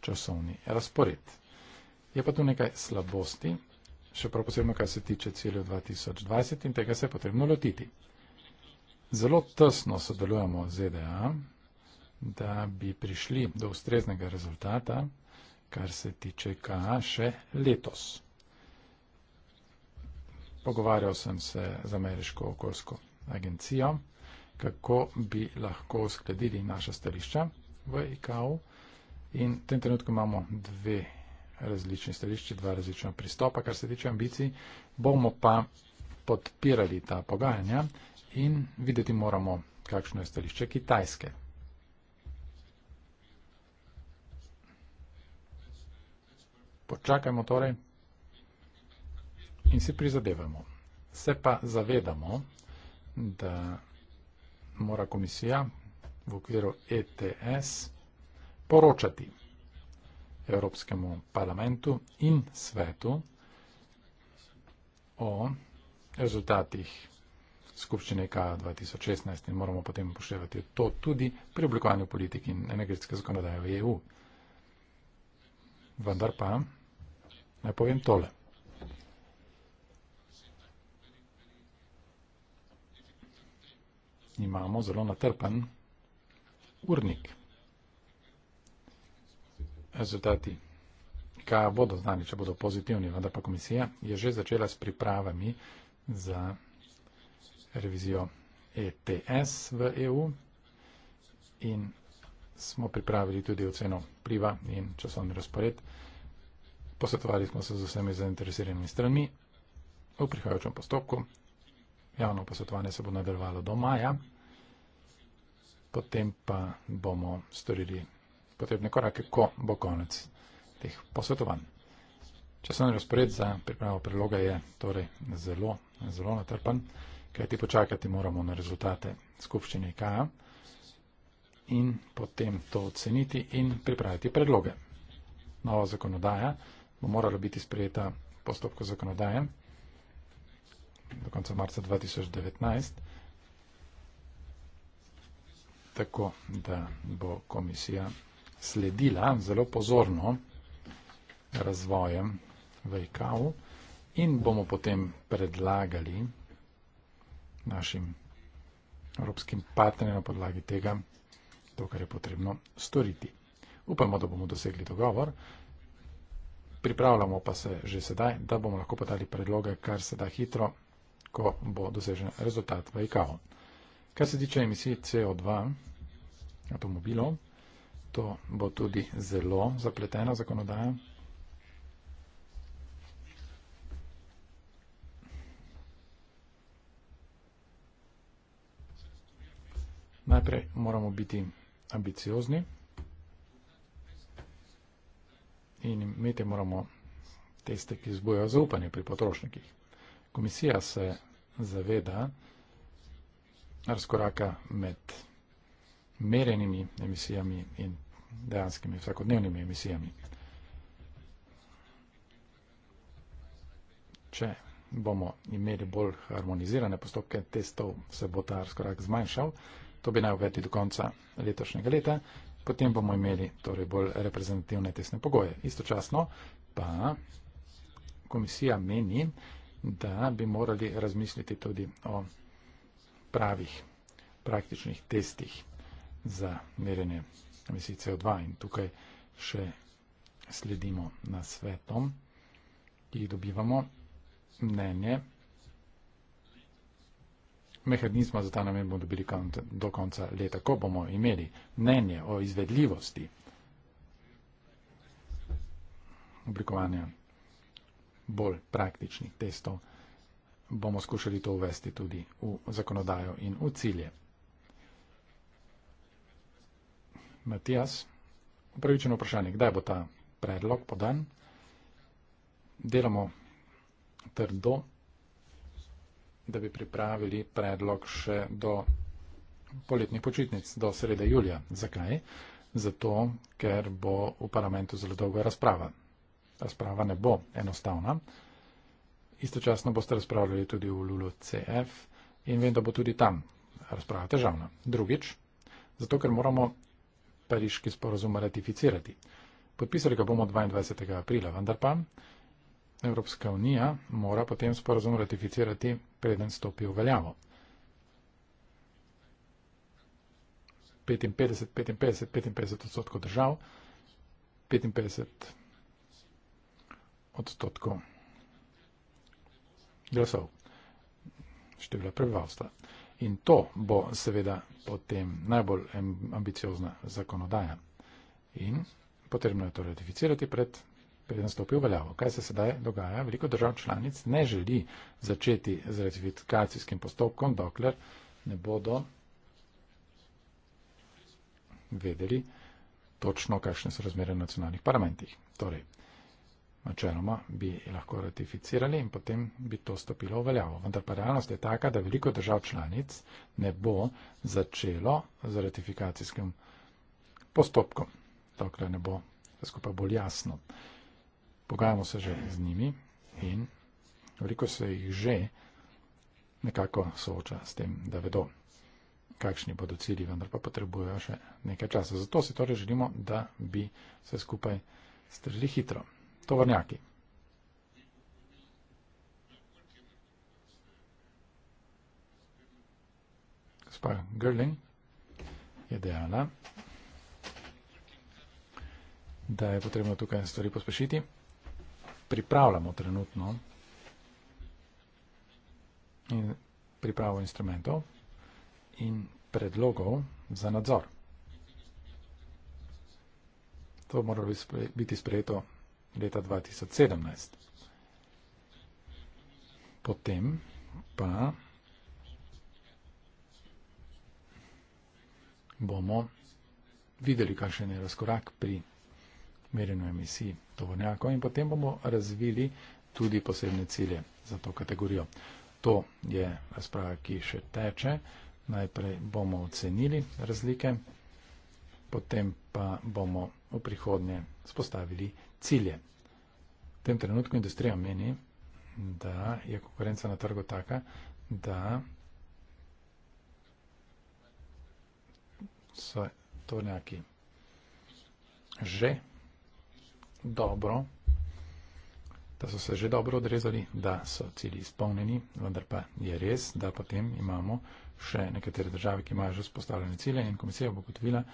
S4: časovni razpored. Je pa tu nekaj slabosti, še prav posebno, kar se tiče cilju 2020 in tega se je potrebno lotiti. Zelo tesno sodelujemo z ZDA, da bi prišli do ustreznega rezultata, kar se tiče KA še letos. Pogovarjal sem se z Ameriško okoljsko agencijo, kako bi lahko uskladili naša stališča v IKAU. In v tem trenutku imamo dve različni stališči, dva različna pristopa, kar se tiče ambicij, bomo pa podpirali ta pogajanja in videti moramo, kakšno je stališče Kitajske. Počakajmo torej in si prizadevamo. Se pa zavedamo, da mora komisija v okviru ETS poročati. Evropskemu parlamentu in svetu o rezultatih skupščine K2016 in moramo potem upoštevati to tudi pri oblikovanju politik in energetske zakonodaje v EU. Vendar pa naj povem tole. Imamo zelo natrpan urnik rezultati, ki bodo znani, če bodo pozitivni, vendar pa komisija je že začela s pripravami za revizijo ETS v EU in smo pripravili tudi oceno pliva in časovni razpored. Posvetovali smo se z vsemi zainteresiranimi stranmi v prihajajočem postopku. Javno posvetovanje se bo nadaljevalo do maja, potem pa bomo storili potrebne korake, ko bo konec teh posvetovanj. Časovni razpored za pripravo predloga je torej zelo, zelo natrpan, kajti počakati moramo na rezultate skupščine IKA in potem to oceniti in pripraviti predloge. Nova zakonodaja bo morala biti sprejeta postopko zakonodaje do konca marca 2019, tako da bo komisija sledila zelo pozorno razvojem v IKV in bomo potem predlagali našim evropskim partnerjem na podlagi tega, to, kar je potrebno storiti. Upamo, da bomo dosegli dogovor. Pripravljamo pa se že sedaj, da bomo lahko podali predloge, kar se da hitro, ko bo dosežen rezultat v IKV. Kar se tiče emisij CO2 avtomobilov, to bo tudi zelo zapletena zakonodaja. Najprej moramo biti ambiciozni in imeti moramo teste, ki zbojajo zaupanje pri potrošnikih. Komisija se zaveda razkoraka med merjenimi emisijami in dejanskimi vsakodnevnimi emisijami. Če bomo imeli bolj harmonizirane postopke testov, se bo ta razkorak zmanjšal. To bi naj uvedli do konca letošnjega leta. Potem bomo imeli torej bolj reprezentativne testne pogoje. Istočasno pa komisija meni, da bi morali razmisliti tudi o pravih praktičnih testih za merjenje emisij CO2 in tukaj še sledimo na svetom, ki jih dobivamo mnenje. Mehanizma za ta namen bomo dobili do konca leta. Ko bomo imeli mnenje o izvedljivosti oblikovanja bolj praktičnih testov, bomo skušali to uvesti tudi v zakonodajo in v cilje. Matijas. Upravičeno vprašanje, kdaj bo ta predlog podan? Delamo trdo, da bi pripravili predlog še do poletnih počitnic, do sreda julija. Zakaj? Zato, ker bo v parlamentu zelo dolga razprava. Razprava ne bo enostavna. Istočasno boste razpravljali tudi v Lulu CF in vem, da bo tudi tam razprava težavna. Drugič, zato, ker moramo pariški sporozum ratificirati. Podpisali ga bomo 22. aprila, vendar pa Evropska unija mora potem sporozum ratificirati, preden stopi v veljavo. 55, 55, 55 odstotkov držav, 55 odstotkov glasov, števila prebivalstva. In to bo seveda potem najbolj ambiciozna zakonodaja. In potrebno je to ratificirati pred, preden stopi v veljavo. Kaj se sedaj dogaja? Veliko držav članic ne želi začeti z ratifikacijskim postopkom, dokler ne bodo vedeli točno, kakšne so razmere v nacionalnih parlamentih. Torej, načeloma bi lahko ratificirali in potem bi to stopilo v veljavo. Vendar pa realnost je taka, da veliko držav članic ne bo začelo z ratifikacijskim postopkom. Dokler ne bo skupaj bolj jasno. Pogajamo se že z njimi in veliko se jih že nekako sooča s tem, da vedo, kakšni bodo cilji, vendar pa potrebujejo še nekaj časa. Zato si torej želimo, da bi se skupaj strli hitro tovrnjaki. Gospa Grling je dejala, da je potrebno tukaj stvari pospešiti. Pripravljamo trenutno in pripravo instrumentov in predlogov za nadzor. To mora biti sprejeto leta 2017. Potem pa bomo videli, kakšen je razkorak pri merjenju emisij tovornjakov in potem bomo razvili tudi posebne cilje za to kategorijo. To je razprava, ki še teče. Najprej bomo ocenili razlike, potem pa bomo v prihodnje spostavili cilje. V tem trenutku industrija meni, da je konkurenca na trgu taka, da so tovrnjaki že dobro, da so se že dobro odrezali, da so cilji izpolnjeni, vendar pa je res, da potem imamo še nekatere države, ki imajo že spostavljene cilje in komisija bo gotovila, da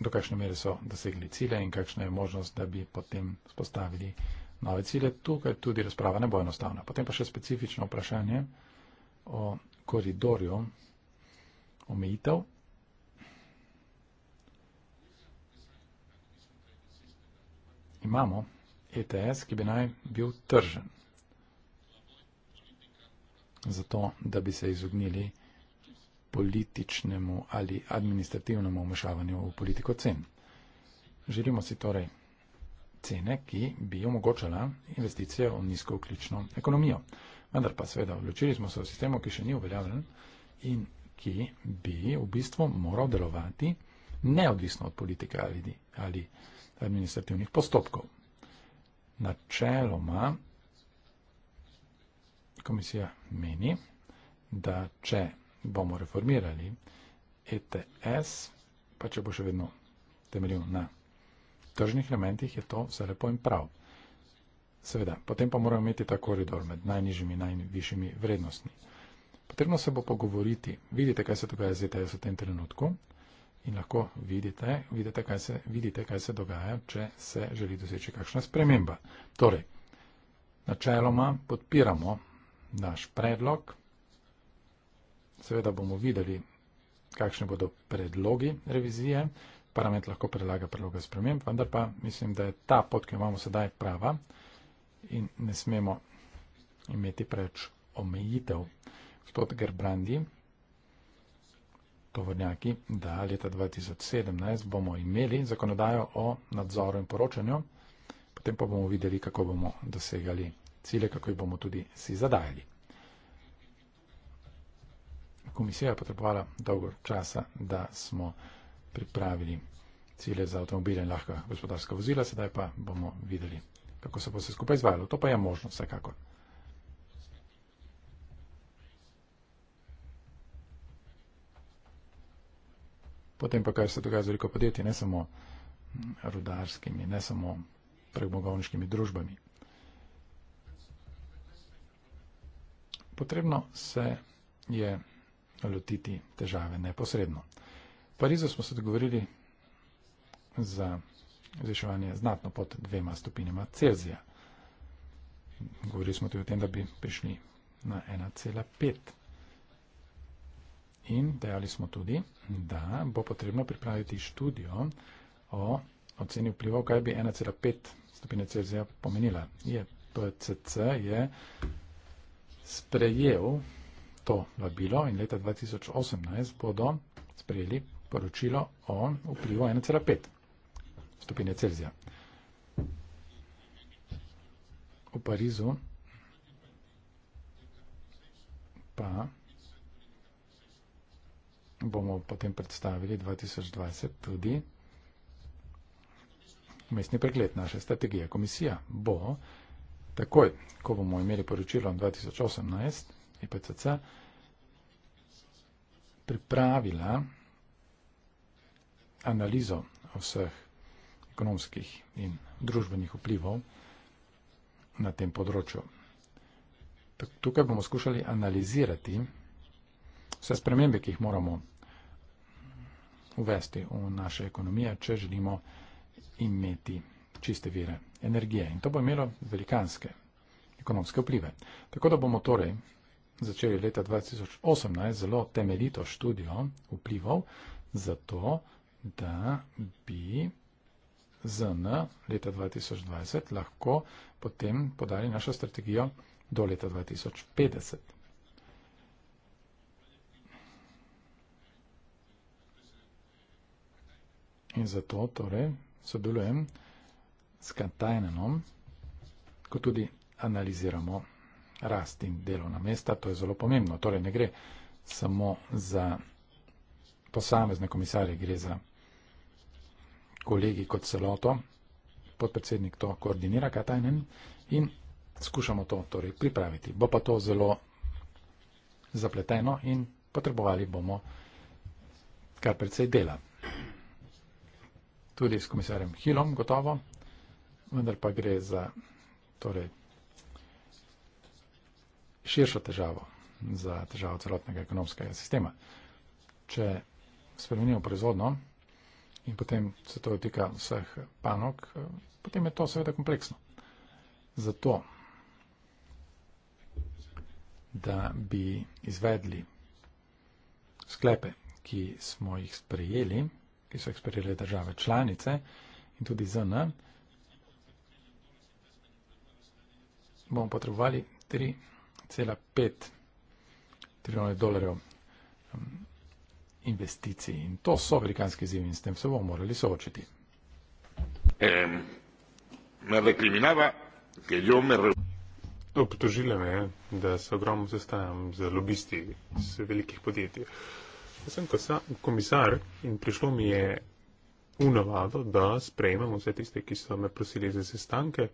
S4: do kakšne mere so dosegli cilje in kakšna je možnost, da bi potem spostavili nove cilje. Tukaj tudi razprava ne bo enostavna. Potem pa še specifično vprašanje o koridorju omejitev. Imamo ETS, ki bi naj bil tržen. Zato, da bi se izognili političnemu ali administrativnemu vmešavanju v politiko cen. Želimo si torej cene, ki bi omogočala investicije v nizko vključno ekonomijo. Vendar pa seveda odločili smo se v sistemu, ki še ni uveljavljen in ki bi v bistvu moral delovati neodvisno od politike ali, ali administrativnih postopkov. Načeloma komisija meni, da če bomo reformirali ETS, pa če bo še vedno temeljil na tržnih elementih, je to vse lepo in prav. Seveda, potem pa moramo imeti ta koridor med najnižjimi in najvišjimi vrednostmi. Potrebno se bo pogovoriti, vidite, kaj se dogaja z ETS v tem trenutku in lahko vidite, vidite kaj, se, vidite, kaj se dogaja, če se želi doseči kakšna sprememba. Torej, načeloma podpiramo naš predlog, Seveda bomo videli, kakšne bodo predlogi revizije. Parlament lahko predlaga predloge sprememb, vendar pa mislim, da je ta pot, ki jo imamo sedaj, prava in ne smemo imeti preč omejitev. Gospod Gerbrandi, tovornjaki, da leta 2017 bomo imeli zakonodajo o nadzoru in poročanju, potem pa bomo videli, kako bomo dosegali cilje, kako jih bomo tudi si zadajali komisija potrebovala dolgo časa, da smo pripravili cilje za avtomobile in lahka gospodarska vozila, sedaj pa bomo videli, kako se bo vse skupaj izvajalo. To pa je možno, vsekakor. Potem pa, kar se dogaja z veliko podjetji, ne samo rudarskimi, ne samo pregmogovniškimi družbami. Potrebno se je lotiti težave neposredno. V Parizu smo se dogovorili za zviševanje znatno pod dvema stopinjama Celzija. Govorili smo tudi o tem, da bi prišli na 1,5. In dejali smo tudi, da bo potrebno pripraviti študijo o oceni vplivov, kaj bi 1,5 stopinje Celzija pomenila. Je, PCC je sprejel to vabilo in leta 2018 bodo sprejeli poročilo o vplivu 1,5 stopinje Celzija. V Parizu pa bomo potem predstavili 2020 tudi mestni pregled naše strategije. Komisija bo takoj, ko bomo imeli poročilo 2018, je PCC pripravila analizo vseh ekonomskih in družbenih vplivov na tem področju. Tukaj bomo skušali analizirati vse spremembe, ki jih moramo uvesti v naše ekonomije, če želimo imeti čiste vire energije. In to bo imelo velikanske ekonomske vplive. Tako da bomo torej začeli leta 2018 zelo temeljito študijo vplivov za to, da bi ZN leta 2020 lahko potem podali našo strategijo do leta 2050. In zato torej sodelujem s Katajnenom, ko tudi analiziramo rast in delovna mesta, to je zelo pomembno. Torej ne gre samo za posamezne komisarje, gre za kolegi kot celoto. Podpredsednik to koordinira, Katajnen, in skušamo to torej, pripraviti. Bo pa to zelo zapleteno in potrebovali bomo kar precej dela. Tudi s komisarjem Hilom gotovo, vendar pa gre za torej, širšo težavo, za težavo celotnega ekonomskega sistema. Če spremenimo proizvodno in potem se to dotika vseh panog, potem je to seveda kompleksno. Zato, da bi izvedli sklepe, ki smo jih sprejeli, ki so jih sprejeli države članice in tudi ZN, bomo potrebovali tri 2,5 trilijone dolarjev um, investicij. In to so velikanski izzivi in s tem se bomo morali soočiti.
S3: Obtožile me, no, da se ogromno sestajam z lobisti iz velikih podjetij. Jaz sem komisar in prišlo mi je v navado, da sprejmem vse tiste, ki so me prosili za sestanke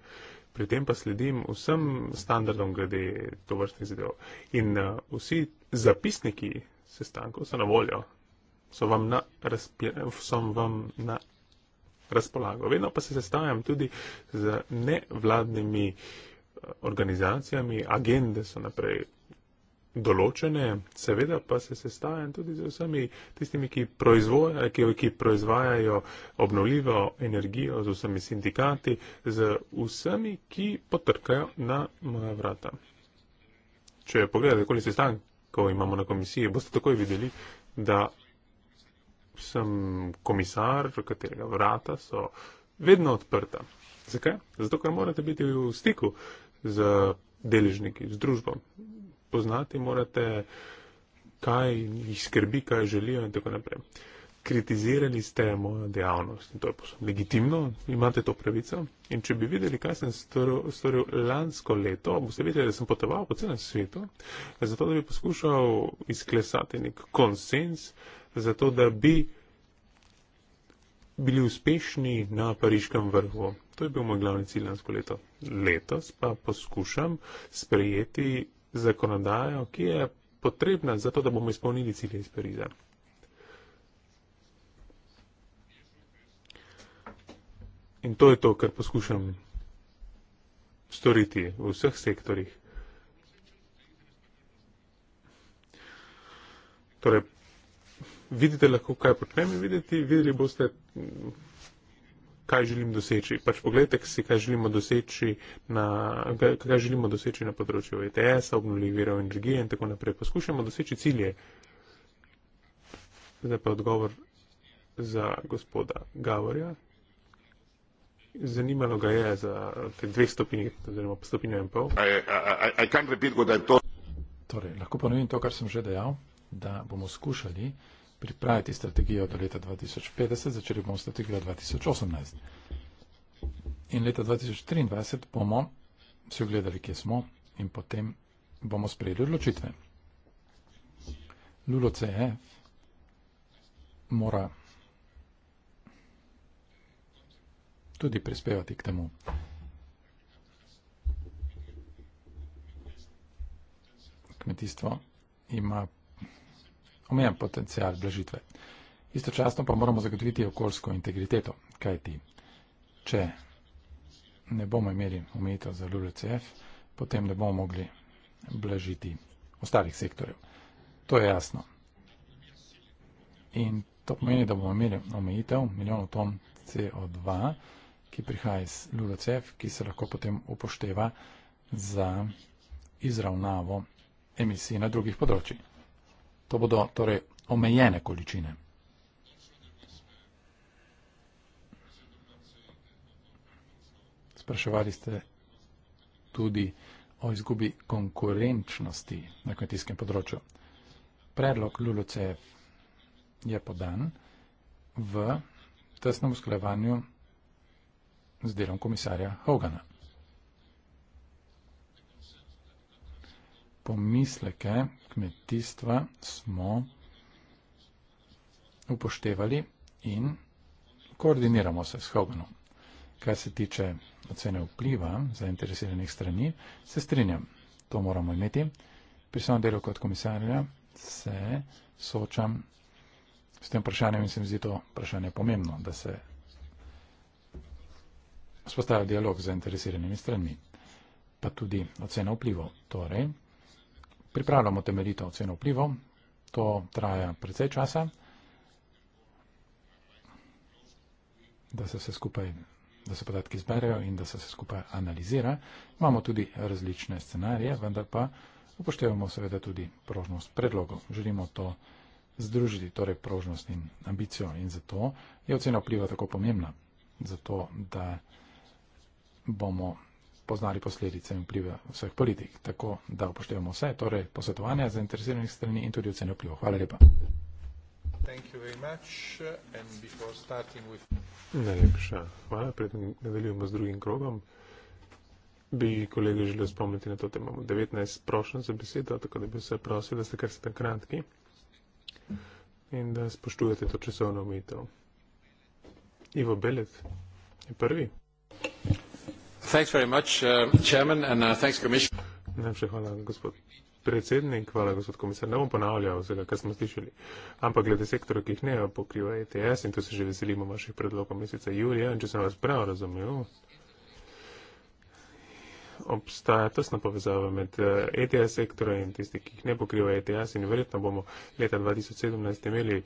S3: pri tem pa sledim vsem standardom glede to vrstnih zadev. In uh, vsi zapisniki sestankov so na voljo, so vam na, razpje, vam na razpolago. Vedno pa se sestavljam tudi z nevladnimi eh, organizacijami, agende so naprej določene, seveda pa se sestajam tudi z vsemi tistimi, ki, ki, ki proizvajajo obnovljivo energijo, z vsemi sindikati, z vsemi, ki potrkajo na moja vrata. Če pogledate, koliko sestankov imamo na komisiji, boste takoj videli, da sem komisar, katerega vrata so vedno odprta. Zakaj? Zato, ker morate biti v stiku z deležniki, z družbo, spoznati, morate kaj jih skrbi, kaj želijo in tako naprej. Kritizirali ste mojo dejavnost in to je posebno legitimno, imate to pravico. In če bi videli, kaj sem storil, storil lansko leto, boste videli, da sem potoval po celem svetu, zato da bi poskušal izklesati nek konsens, zato da bi bili uspešni na pariškem vrhu. To je bil moj glavni cilj lansko leto. Letos pa poskušam sprejeti zakonodajo, ki je potrebna za to, da bomo izpolnili cilje iz Pariza. In to je to, kar poskušam storiti v vseh sektorjih. Torej, vidite lahko, kaj počnem in videli boste kaj želim doseči. Pač pogledajte si, kaj želimo doseči na, kaj, kaj želimo doseči na področju ETS-a, obnovljivih virov energije in tako naprej. Poskušamo doseči cilje. Zdaj pa odgovor za gospoda Gavorja. Zanimalo ga je za te dve stopinje, oziroma stopinje in pol. I, I, I, I to... Torej, lahko ponovim to, kar sem že dejal, da bomo skušali
S4: pripraviti strategijo do leta 2050, začeli bomo strategijo 2018. In leta 2023 bomo si ogledali, kje smo in potem bomo sprejeli odločitve. Lulo CF e mora tudi prispevati k temu. Kmetijstvo ima omejen potencial blažitve. Istočasno pa moramo zagotoviti okoljsko integriteto, kajti če ne bomo imeli omejitev za LULCF, potem ne bomo mogli blažiti ostalih sektorjev. To je jasno. In to pomeni, da bomo imeli omejitev milijonov ton CO2, ki prihaja iz LULCF, ki se lahko potem upošteva za izravnavo emisij na drugih področjih. To bodo torej omejene količine. Spraševali ste tudi o izgubi konkurenčnosti na kmetijskem področju. Predlog LULUCF je podan v tesnem usklajevanju z delom komisarja Hogana. pomisleke kmetijstva smo upoštevali in koordiniramo se s Hoganom. Kar se tiče ocene vpliva zainteresiranih strani, se strinjam, to moramo imeti. Pri svojem delu kot komisarja se soočam s tem vprašanjem in se mi zdi to vprašanje pomembno, da se spostavlja dialog z zainteresiranimi strani, pa tudi ocena vplivov. Torej, Pripravljamo temeljito oceno vplivov, to traja precej časa, da se vse skupaj da se podatki zberejo in da se vse skupaj analizira. Imamo tudi različne scenarije, vendar pa upoštevamo seveda tudi prožnost predlogov. Želimo to združiti, torej prožnost in ambicijo in zato je ocena vpliva tako pomembna. Zato, da bomo poznali posledice in vplive vseh politik. Tako da upoštevamo vse, torej posvetovanja zainteresiranih strani in tudi ocene vplivov. Hvala lepa.
S3: Najlepša hvala. Preden nadaljujemo z drugim krogom, bi kolege želel spomniti na to, da imamo 19 prošenj za besedo, tako da bi se prosil, da ste kar sedaj kratki in da spoštujete to časovno omejitev. Ivo Belet je prvi.
S1: Uh, uh,
S3: Najlepša hvala, gospod predsednik, hvala, gospod komisar. Ne bom ponavljal vsega, kar smo slišali, ampak glede sektorov, ki jih ne pokriva ETS in to se že veselimo vaših predlogov meseca julija, in če sem vas prav razumel, obstaja tesna povezava med uh, ETS sektorom in tisti, ki jih ne pokriva ETS in verjetno bomo leta 2017 imeli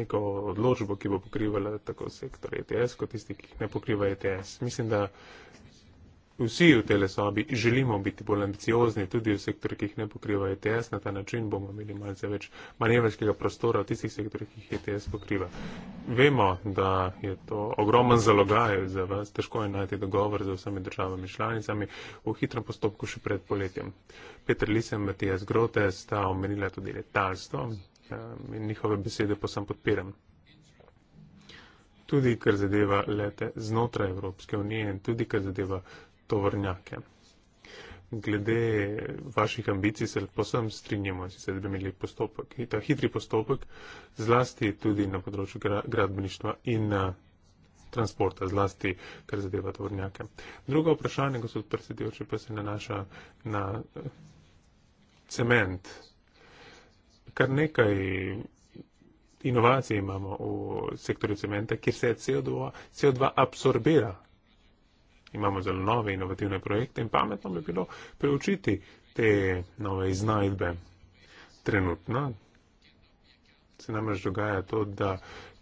S3: neko odločbo, ki bo pokrivala tako sektor ETS kot tisti, ki jih ne pokriva ETS. Mislim, da vsi v tele sobi želimo biti bolj ambiciozni, tudi v sektorjih, ki jih ne pokriva ETS, na ta način bomo imeli malce več manevrskega prostora v tistih sektorjih, ki jih ETS pokriva. Vemo, da je to ogromen zalogaj za vas, težko je najti dogovor z vsemi državami članicami v hitrem postopku še pred poletjem. Petr Lisem, Matijas Grote sta omenila tudi letalstvo ja, in njihove besede posem podpiram. Tudi, kar zadeva lete znotraj Evropske unije in tudi, kar zadeva tovrnjake. Glede vaših ambicij se posem strinjamo, sicer, da bi imeli postopek. In ta hitri postopek, zlasti tudi na področju gradbeništva in eh, transporta, zlasti, kar zadeva tovrnjake. Drugo vprašanje, gospod predsedujoči, pa se nanaša na eh, cement. Kar nekaj inovacij imamo v sektorju cementa, kjer se CO2, CO2 absorbira imamo zelo nove inovativne projekte in pametno bi bilo preučiti te nove iznajdbe. Trenutno se namreč dogaja to, da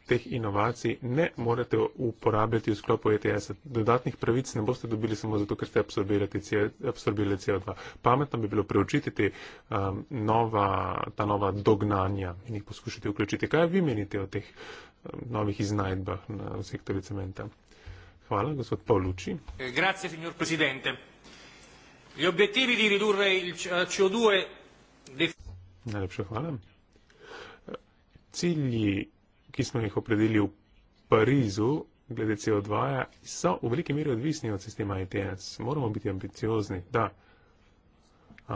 S3: teh inovacij ne morete uporabljati v sklopu ETS-a. Dodatnih pravic ne boste dobili samo zato, ker ste absorbirali CO2. Pametno bi bilo preučiti te, um, nova, ta nova dognanja in jih poskušati vključiti. Kaj vi menite o teh um, novih iznajdbah na sektorju cementa? Hvala, gospod Paulucci.
S2: Eh, grazie, signor Presidente. Gli obiettivi di ridurre il CO2... Eh,
S3: Najlepša hvala. Cilji, ki smo jih opredelili v Parizu, glede CO2, so v veliki meri odvisni od sistema ETS. Moramo biti ambiciozni, da.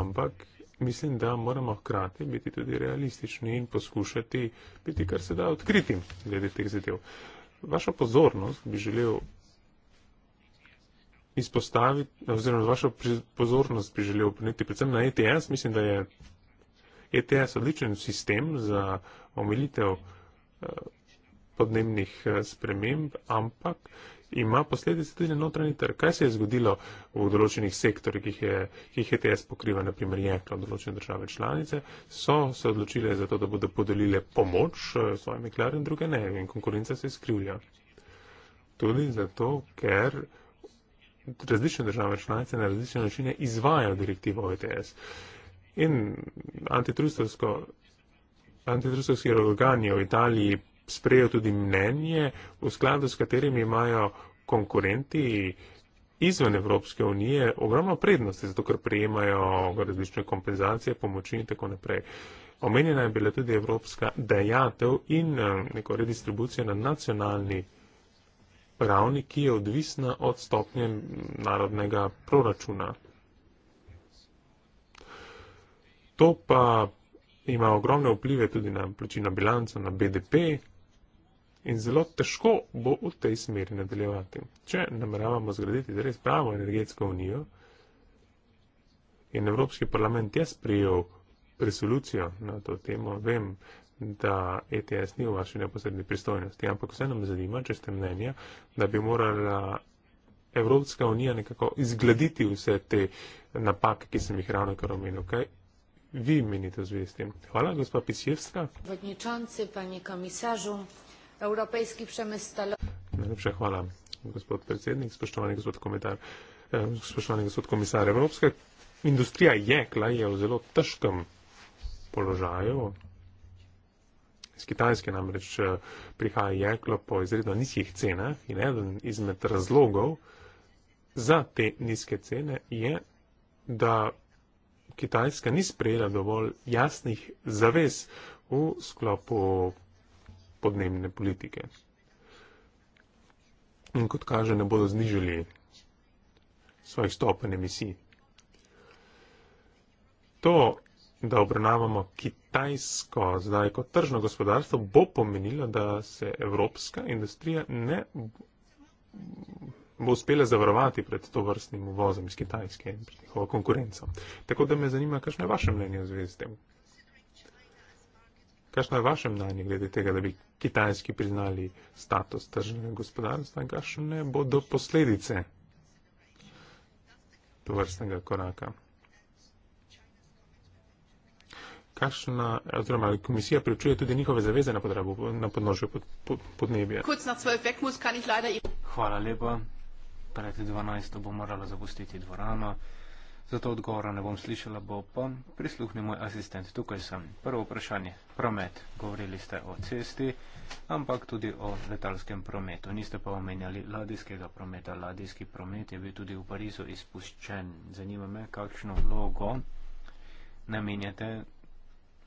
S3: Ampak mislim, da moramo hkrati biti tudi realistični in poskušati biti kar se da odkriti glede teh zadev. Vaša pozornost bi želel izpostaviti, oziroma vašo pozornost bi želel obrniti predvsem na ETS. Mislim, da je ETS odličen sistem za omilitev eh, podnebnih eh, sprememb, ampak ima posledice tudi na notranji trg. Kaj se je zgodilo v določenih sektorjih, ki jih ETS e pokriva, naprimer jekla od določene države članice, so se odločile za to, da bodo podelile pomoč eh, svojim meklarjem, druge ne, in konkurenca se skrivlja. Tudi zato, ker različne države članice na različne načine izvajajo direktivo OTS. E in antitrustovski organ je v Italiji sprejel tudi mnenje, v skladu s katerim imajo konkurenti izven Evropske unije ogromno prednosti, zato ker prejemajo različne kompenzacije, pomoči in tako naprej. Omenjena je bila tudi evropska dejatev in eh, neko redistribucija na nacionalni ravni, ki je odvisna od stopnje narodnega proračuna. To pa ima ogromne vplive tudi na plačino bilanco, na BDP in zelo težko bo v tej smeri nadaljevati. Če nameravamo zgraditi res pravo energetsko unijo in Evropski parlament je sprejel resolucijo na to temo, vem, da ETS ni v vaši neposredni pristojnosti, ampak vse nam zanima, če ste mnenja, da bi morala Evropska unija nekako izgledati vse te napake, ki sem jih ravno kar omenil. Kaj vi menite v zvezi s tem? Hvala, gospa Pisjevska.
S2: Vodničance, panje komisažu, evropejski premestalo.
S3: Najlepša hvala, gospod predsednik, spoštovani gospod komentar. Eh, spoštovani gospod komisar, Evropska industrija je, kla je v zelo težkem položaju, Z Kitajske namreč eh, prihaja jeklo po izredno nizkih cenah in eden izmed razlogov za te nizke cene je, da Kitajska ni sprejela dovolj jasnih zavez v sklopu podnebne politike. In kot kaže, ne bodo znižali svojih stopenj emisij. To da obravnavamo Kitajsko zdaj kot tržno gospodarstvo, bo pomenilo, da se evropska industrija ne bo uspela zavarovati pred to vrstnim uvozom iz Kitajske in pred njihovo konkurenco. Tako da me zanima, kakšno je vaše mnenje v zvezi s tem? Kakšno je vaše mnenje glede tega, da bi Kitajski priznali status tržnega gospodarstva in kakšne bodo posledice to vrstnega koraka? kakšna, oziroma ali komisija pričuje tudi njihove zaveze na, podrabu,
S2: na podnožju podnebja. Pod, pod Hvala lepa. Pred 12. bo morala zapustiti dvorano. Zato odgovora ne bom slišala, bo pa prisluhni moj asistent. Tukaj sem. Prvo vprašanje. Promet. Govorili ste o cesti, ampak tudi o letalskem prometu. Niste pa omenjali ladijskega prometa. Ladijski promet je bil tudi v Parizu izpuščen. Zanima me, kakšno vlogo namenjate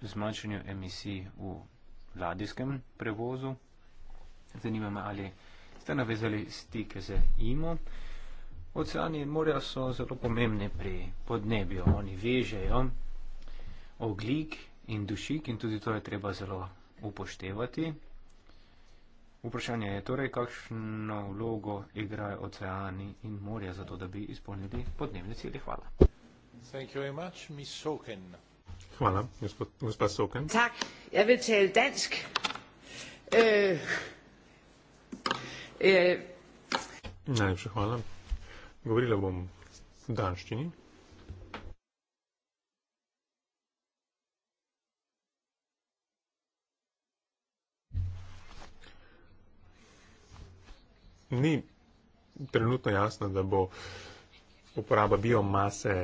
S2: zmanjšanju emisij v ladijskem prevozu. Zanima me, ali ste navezali stike z IMO. Oceani in morja so zelo pomembni pri podnebju. Oni vežejo oglik in dušik in tudi to je treba zelo upoštevati. Vprašanje je torej, kakšno vlogo igrajo oceani in morja za to, da bi izpolnili podnebne cilje. Hvala.
S1: Thank you very much, Miss Soken.
S2: Hvala, gospod, gospod Soken. Tak, jeg vil tale dansk.
S3: Øh, øh. Najlepša hvala. Govorila bom v danščini. Ni trenutno jasno, da bo uporaba biomase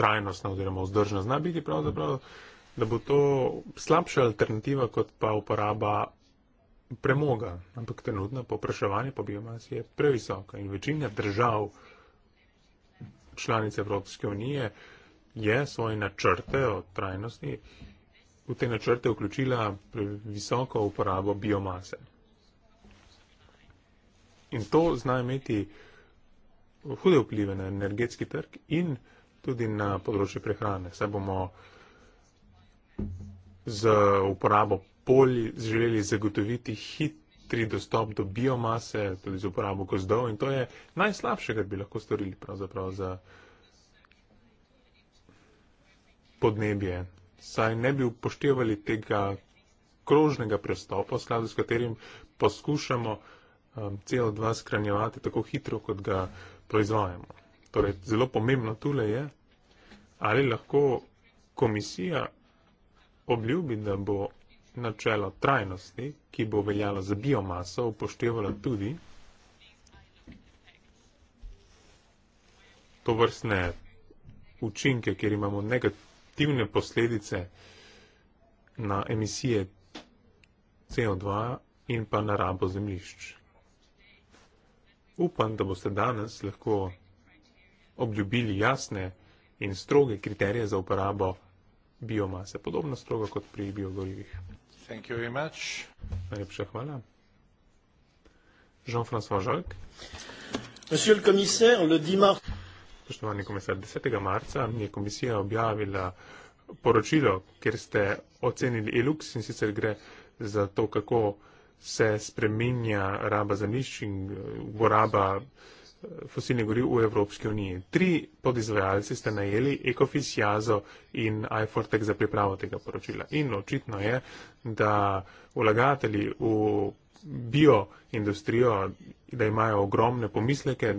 S3: trajnostna oziroma vzdržna zna biti pravzaprav, da bo to slabša alternativa kot pa uporaba premoga. Ampak trenutno popraševanje po biomasi je previsoko in večina držav članice Evropske unije je svoje načrte o trajnosti v te načrte vključila visoko uporabo biomase. In to zna imeti hude vplive na energetski trg in uh, tudi na področju prehrane. Saj bomo z uporabo polj želeli zagotoviti hitri dostop do biomase, tudi z uporabo gozdov in to je najslabše, kar bi lahko storili pravzaprav za podnebje. Saj ne bi upoštevali tega krožnega prestopa, v skladu s katerim poskušamo um, CO2 skranjevati tako hitro, kot ga proizvajamo. Torej, zelo pomembno tule je, ali lahko komisija obljubi, da bo načelo trajnosti, ki bo veljalo za biomaso, upoštevala tudi to vrstne učinke, kjer imamo negativne posledice na emisije CO2 in pa na rabo zemlišč. Upam, da boste danes lahko obljubili jasne in stroge kriterije za uporabo biomase, podobno strogo kot pri biogorivih. Najlepša hvala. Jean-François Žalk. Poštovani komisar, 10. marca je komisija objavila poročilo, kjer ste ocenili ELUX in sicer gre za to, kako se spreminja raba zemljišč in uh, uporaba. Uh, fosilnih goriv v Evropski uniji. Tri podizvajalci ste najeli, Ecofis, Jazo in iFortek za pripravo tega poročila. In očitno je, da vlagatelji v bioindustrijo, da imajo ogromne pomisleke,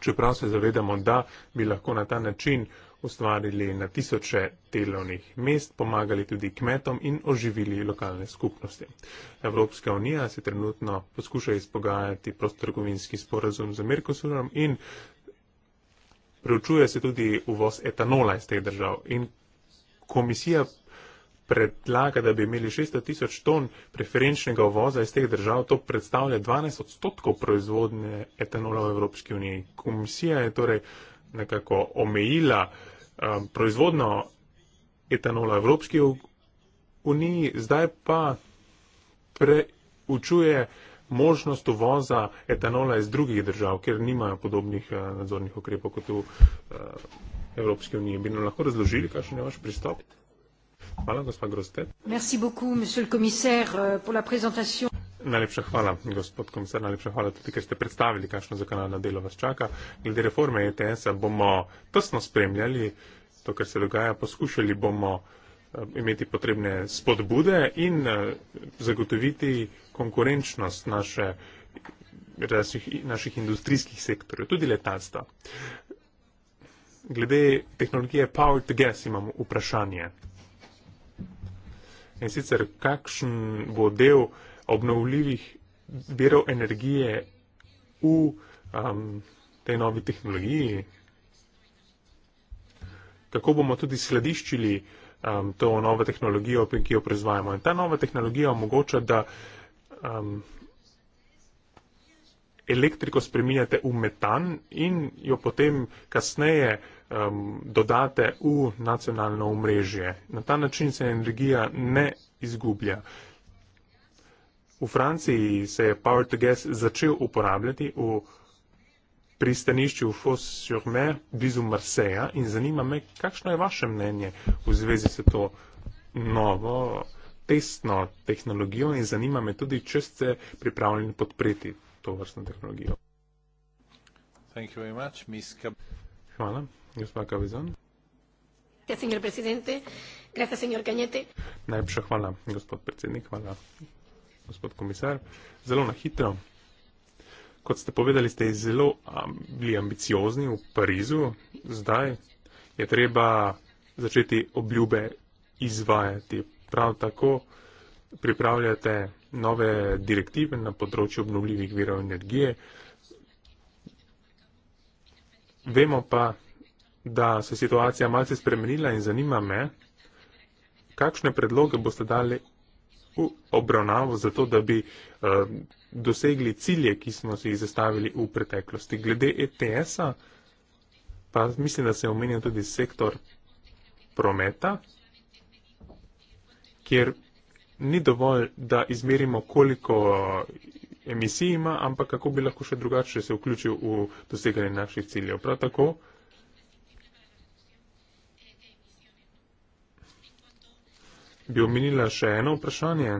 S3: čeprav se zavedamo, da bi lahko na ta način uh, ustvarili na tisoče delovnih mest, pomagali tudi kmetom in oživili lokalne skupnosti. Evropska unija se trenutno poskuša izpogajati prostorgovinski sporazum z Amerikosurom in preučuje se tudi uvoz etanola iz teh držav. In komisija predlaga, da bi imeli 600 tisoč ton preferenčnega uvoza iz teh držav, to predstavlja 12 odstotkov proizvodne etanola v Evropski uniji. Komisija je torej nekako omejila um, proizvodno etanola v Evropski uniji, zdaj pa preučuje možnost uvoza etanola iz drugih držav, ker nimajo podobnih uh, nadzornih ukrepov kot v uh, Evropski uniji. Bi nam lahko razložili, kakšen je vaš pristop? Hvala, gospod Grostet. Najlepša hvala, gospod komisar, najlepša hvala tudi, ker ste predstavili, kakšno zakonodajno delo vas čaka. Glede reforme ETS-a bomo tesno spremljali to, kar se dogaja, poskušali bomo eh, imeti potrebne spodbude in eh, zagotoviti konkurenčnost naše, naših, naših industrijskih sektorjev, tudi letalstva. Glede tehnologije Power to Gas imam vprašanje. In sicer, kakšen bo del obnovljivih virov energije v um, tej novi tehnologiji. Tako bomo tudi slediščili um, to novo tehnologijo, ki jo proizvajamo. In ta nova tehnologija omogoča, da um, elektriko spreminjate v metan in jo potem kasneje um, dodate v nacionalno omrežje. Na ta način se energija ne izgublja. Uh, V Franciji se je Power to Gas začel uporabljati v pristanišču Fos-sur-Mer blizu Marseja in zanima me, kakšno je vaše mnenje v zvezi s to novo testno tehnologijo in zanima me tudi, če ste pripravljeni podpreti to vrstno tehnologijo.
S1: Thank you very much, Ms. Cab
S3: Hvala, gospod Cavizon. Gracias, señor presidente. Gracias, señor Cañete. Najlepša hvala, gospod predsednik. Hvala, gospod komisar, zelo na hitro. Kot ste povedali, ste zelo bili ambiciozni v Parizu, zdaj je treba začeti obljube izvajati. Prav tako pripravljate nove direktive na področju obnovljivih virov energije. Vemo pa, da se je situacija malce spremenila in zanima me, kakšne predloge boste dali obravnavo zato, da bi eh, dosegli cilje, ki smo si jih zastavili v preteklosti. Glede ETS-a, pa mislim, da se je omenjen tudi sektor prometa, kjer ni dovolj, da izmerimo, koliko emisij ima, ampak kako bi lahko še drugače se vključil v doseganje naših ciljev. Prav tako bi omenila še eno vprašanje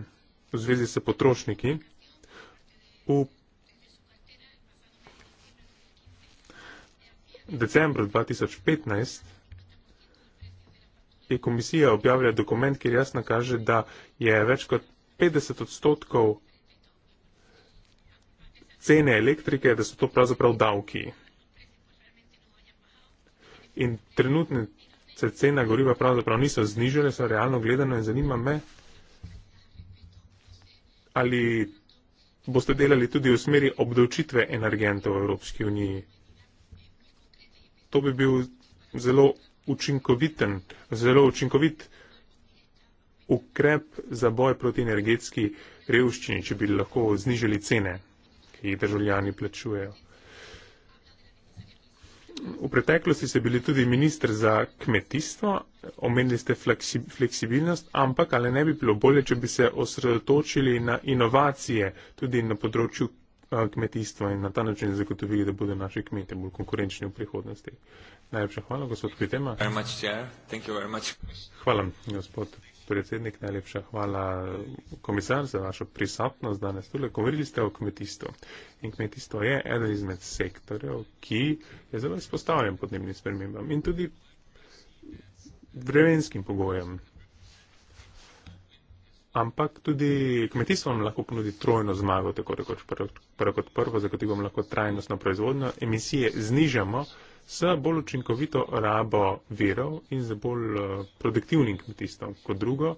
S3: v zvezi s potrošniki. V decembru 2015 je komisija objavila dokument, kjer jasno kaže, da je več kot 50 odstotkov cene elektrike, da so to pravzaprav davki. In trenutne se cena goriva pravzaprav niso znižile, so realno gledano in zanima me, ali boste delali tudi v smeri obdavčitve energentov v Evropski uniji. To bi bil zelo učinkoviten, zelo učinkovit ukrep za boj proti energetski revščini, če bi lahko znižali cene, ki jih državljani plačujejo. V preteklosti ste bili tudi ministr za kmetijstvo, omenili ste fleksibilnost, ampak ali ne bi bilo bolje, če bi se osredotočili na inovacije tudi na področju kmetijstva in na ta način zagotovili, da bodo naši kmete bolj konkurenčni v prihodnosti. Najlepša hvala, gospod Pitema. Hvala, gospod predsednik, najlepša hvala komisar za vašo prisotnost danes tukaj. Govorili ste o kmetijstvu in kmetijstvo je eden izmed sektorjev, ki je zelo izpostavljen podnebnim spremembam in tudi vremenskim pogojem. Ampak tudi kmetijstvo vam lahko ponudi trojno zmago, tako rekoč prvo kot prvo, zagotovimo lahko trajnostno proizvodnjo, emisije znižamo z bolj učinkovito rabo verov in z bolj eh, produktivnim kmetijstvom. Kot drugo,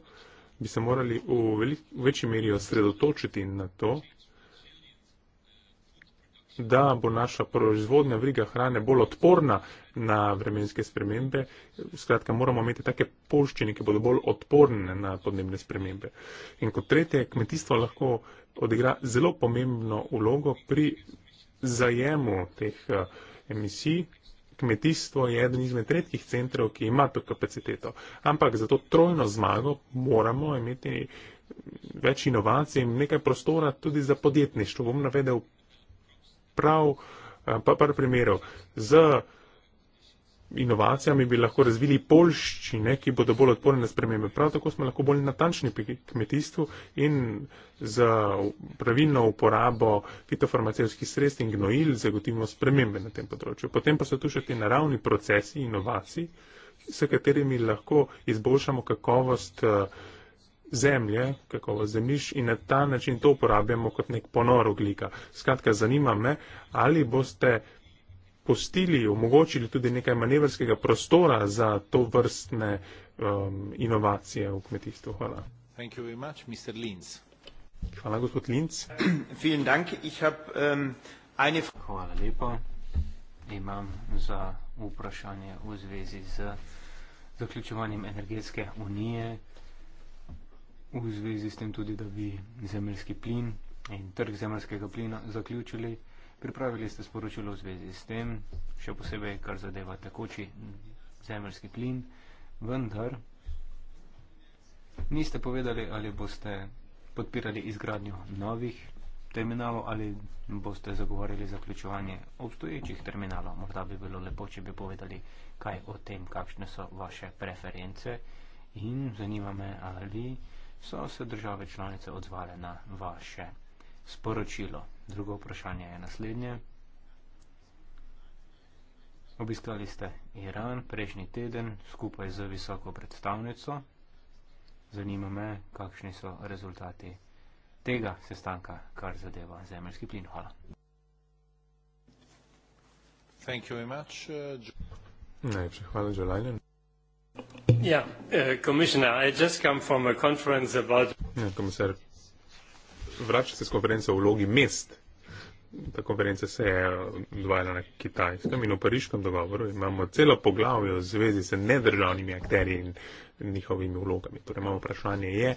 S3: bi se morali v, velik, v večji meri osredotočiti na to, da bo naša proizvodnja vriga hrane bolj odporna na vremenske spremembe. Skratka, moramo imeti take poščine, ki bodo bolj odporne na podnebne spremembe. In kot tretje, kmetijstvo lahko odigra zelo pomembno ulogo pri zajemu teh eh, emisij, kmetijstvo je eden izmed redkih centrov, ki ima to kapaciteto. Ampak za to trojno zmago moramo imeti več inovacij in nekaj prostora tudi za podjetništvo. Bom navedel prav eh, pa, par primerov. Z inovacijami bi lahko razvili polščine, ki bodo bolj odporne na spremembe. Prav tako smo lahko bolj natančni pri kmetijstvu in za pravilno uporabo fitofarmacijskih sredstv in gnojil zagotovimo spremembe na tem področju. Potem pa so tu še ti naravni procesi inovacij, s katerimi lahko izboljšamo kakovost eh, zemlje, kakovost zemljišč in na ta način to uporabljamo kot nek ponor oglika. Skratka, zanima me, ali boste pustili, omogočili tudi nekaj manevrskega prostora za to vrstne um, inovacije v kmetijstvu. Hvala.
S1: Much,
S3: Hvala, gospod Linz. [CLEARS THROAT]
S2: Ähm, Hvala lepa. Imam za vprašanje v zvezi z zaključovanjem energetske unije, v zvezi s tem tudi, da bi zemljski plin in trg zemljskega plina zaključili. Pripravili ste sporočilo v zvezi s tem, še posebej, kar zadeva tekoči zemljski plin, vendar niste povedali, ali boste podpirali izgradnjo novih terminalov ali boste zagovarjali zaključovanje obstoječih terminalov. Morda bi bilo lepo, če bi povedali, kaj o tem, kakšne so vaše preference in zanima me, ali so se države članice odzvale na vaše preference sporočilo. Drugo vprašanje je naslednje. Obiskali ste Iran prejšnji teden skupaj z visoko predstavnico. Zanima me, kakšni so rezultati tega sestanka, kar zadeva zemljski plin. Hvala.
S1: Uh,
S3: Najlepša hvala, Joe Lajlen. Uh, ja, komisar, vrača se z konference v vlogi mest. Ta konferenca se je dvajala na kitajskem in v pariškem dogovoru. Imamo celo poglavje v zvezi z nedržavnimi akterji in njihovimi vlogami. Torej imamo vprašanje je,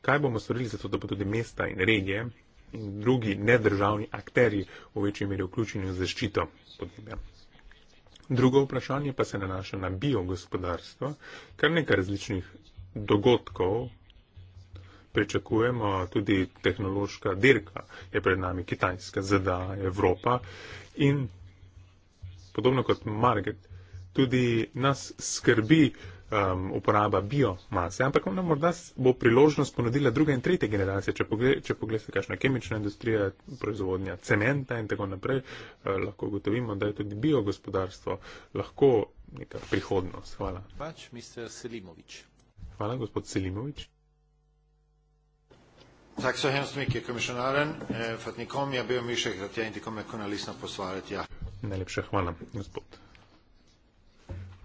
S3: kaj bomo storili za to, da bodo tudi mesta in regije in drugi nedržavni akterji v večji meri vključeni v zaščito podnebja. Drugo vprašanje pa se nanaša na biogospodarstvo, kar nekaj različnih dogodkov, pričakujemo, tudi tehnološka dirka je pred nami, Kitajska, ZDA, Evropa in podobno kot Margaret, tudi nas skrbi um, uporaba biomase, ampak nam morda bo priložnost ponudila druga in tretja generacija, če, pogled, če pogledate, kakšna kemična industrija, proizvodnja cementa in tako naprej, eh, lahko ugotovimo, da je tudi biogospodarstvo lahko neka prihodnost. Hvala. Pač, Hvala, gospod Selimovič.
S1: Tack så hemskt mycket kommissionären eh, för att ni kom. Jag ber om ursäkt att jag inte kommer kunna lyssna på svaret. Ja.
S3: Najlepša hvala, gospod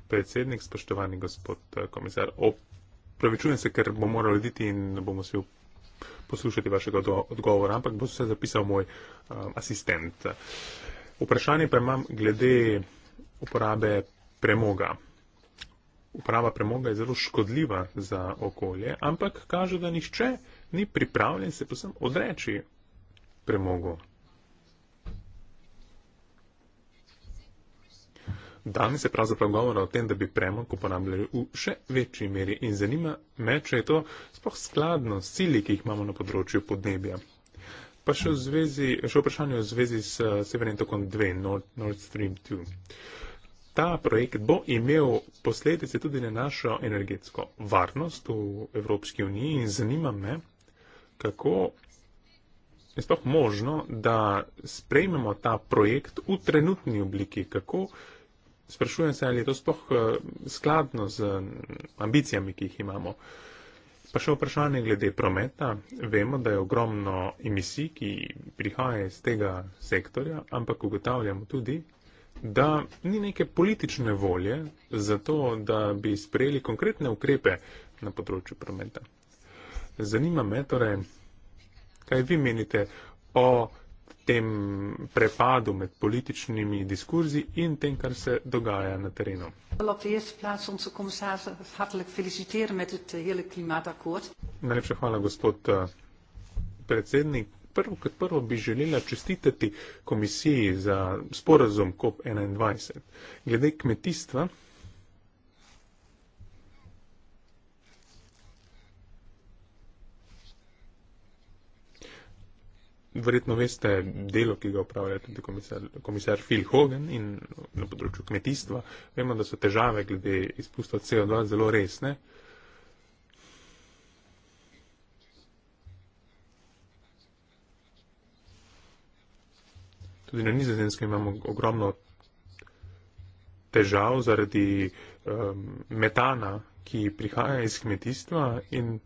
S3: predsednik, spoštovani gospod eh, komisar. Opravičujem se, ker bom moral oditi in ne bomo svi poslušati vašega odgovora, ampak bo se zapisal moj um, asistent. Vprašanje pa imam glede uporabe premoga. Uporaba premoga je zelo škodljiva za okolje, ampak kaže, da nišče ni pripravljen se posem odreči premogu. Danes je pravzaprav govora o tem, da bi premog uporabljali v še večji meri in zanima me, če je to sploh skladno s cili, ki jih imamo na področju podnebja. Pa še, zvezi, še vprašanje v zvezi s Severnim tokom 2, Nord, Nord Stream 2. Ta projekt bo imel posledice tudi na našo energetsko varnost v Evropski uniji in zanima me, kako je sploh možno, da sprejmemo ta projekt v trenutni obliki, kako sprašujem se, ali je to sploh eh, skladno z ambicijami, ki jih imamo. Pa še vprašanje glede prometa. Vemo, da je ogromno emisij, ki prihaja iz tega sektorja, ampak ugotavljamo tudi, da ni neke politične volje za to, da bi sprejeli konkretne ukrepe na področju prometa. Zanima me torej, kaj vi menite o tem prepadu med političnimi diskurzi in tem, kar se dogaja na terenu. Eh, Najlepša hvala, gospod eh, predsednik. Prvo kot prvo bi želela čestitati komisiji za sporazum COP21. Glede kmetijstva, verjetno veste delo, ki ga upravlja tudi komisar, komisar Phil Hogan in na področju kmetijstva. Vemo, da so težave glede izpustov CO2 zelo resne. Tudi na nizozemskem imamo ogromno težav zaradi um, metana, ki prihaja iz kmetijstva in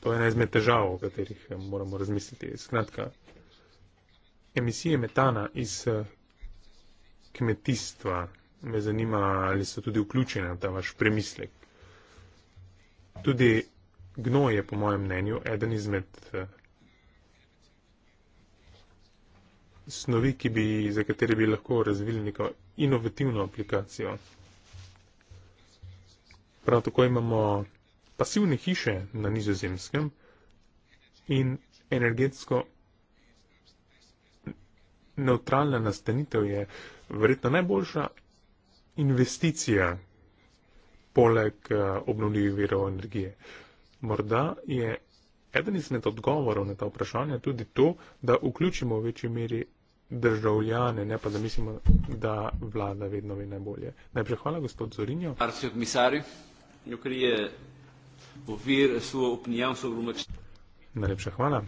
S3: To je ena izmed težav, o katerih eh, moramo razmisliti. Skratka, emisije metana iz eh, kmetijstva me zanima, ali so tudi vključene v ta vaš premislek. Tudi gnoj je, po mojem mnenju, eden izmed eh, snovi, bi, za katere bi lahko razvili neko inovativno aplikacijo. Prav tako imamo pasivne hiše na nizozemskem in energetsko neutralna nastanitev je verjetno najboljša investicija poleg eh, obnovljivih verov energije. Morda je eden izmed odgovorov na ta vprašanja tudi to, da vključimo v večji meri državljane, ne pa da mislimo, da vlada vedno ve najbolje. Najprej hvala, gospod Zorinjo.
S2: Arsijo komisarju, ljukri je ouvir a sua opinião sobre uma questão.
S3: Najlepša hvala.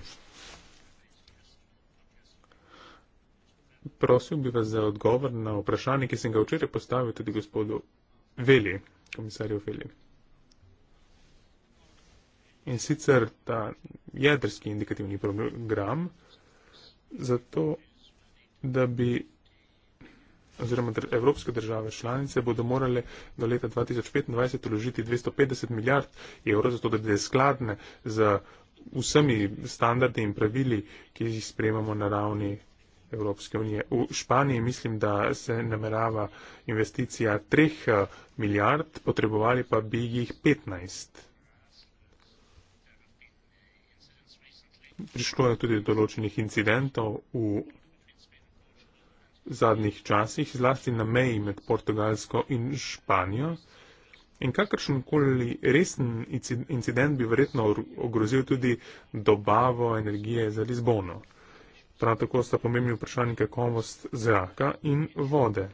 S3: Prosil bi vas za odgovor na vprašanje, ki sem ga včeraj postavil tudi gospodu Veli, komisarju Veli. In sicer ta jedrski indikativni program, zato da bi oziroma dr evropske države članice bodo morale do leta 2025 uložiti 250 milijard evrov, zato da je skladne z vsemi standardi in pravili, ki jih sprejemamo na ravni Evropske unije. V Španiji mislim, da se namerava investicija 3 eh, milijard, potrebovali pa bi jih 15. Prišlo je tudi do določenih incidentov v zadnjih časih, zlasti na meji med Portugalsko in Španijo. In kakršen koli resen incident bi verjetno ogrozil tudi dobavo energije za Lizbono. Prav tako sta pomembni vprašanje kakovost zraka in vode.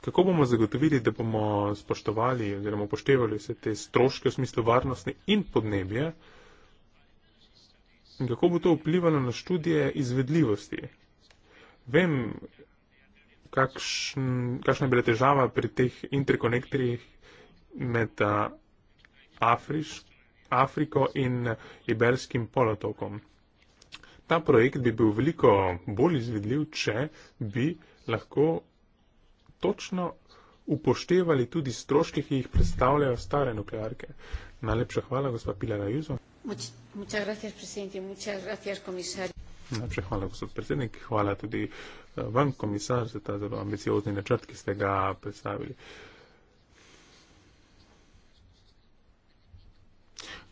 S3: Kako bomo zagotovili, da bomo spoštovali oziroma upoštevali vse te stroške v smislu varnosti in podnebje? in kako bo to vplivalo na študije izvedljivosti. Vem, kakšn, kakšna je bila težava pri teh interkonektorjih med Afriš, Afriko in Iberskim polotokom. Ta projekt bi bil veliko bolj izvedljiv, če bi lahko točno upoštevali tudi stroške, ki jih predstavljajo stare nuklearke. Najlepša hvala, gospa Pilar Juzo. Najprej hvala, gospod predsednik. Hvala tudi eh, vam, komisar, za ta zelo ambiciozni načrt, ki ste ga predstavili.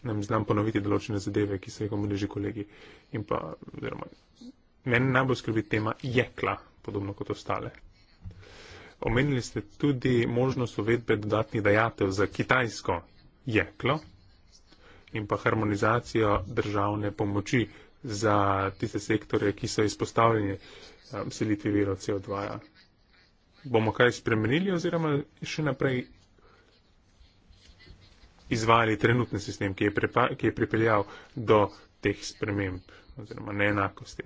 S3: Nam znam ponoviti določene zadeve, ki so jih omenili že kolegi. In pa, oziroma, meni najbolj skrbi tema jekla, podobno kot ostale. Omenili ste tudi možnost uvedbe dodatnih dajatev za kitajsko jeklo in pa harmonizacijo državne pomoči za tiste sektore, ki so izpostavljeni eh, selitvi viro CO2. -ja. Bomo kaj spremenili oziroma še naprej izvajali trenutni sistem, ki je, prepa, ki je pripeljal do teh sprememb oziroma neenakosti.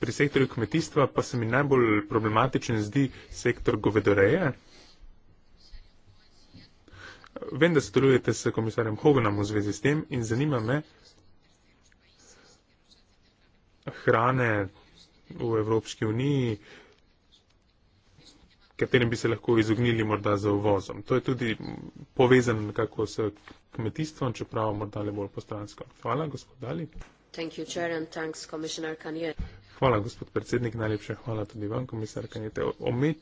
S3: Pri sektorju kmetijstva pa se mi najbolj problematičen zdi sektor govedoreje. Vem, da sodelujete s komisarjem Hoganom v zvezi s tem in zanima me hrane v Evropski uniji, katerim bi se lahko izognili morda za uvozom. To je tudi povezano nekako s kmetijstvom, čeprav morda le bolj postransko. Hvala, gospod Dali. Hvala, gospod predsednik, najlepša hvala tudi vam, komisarka. Ome,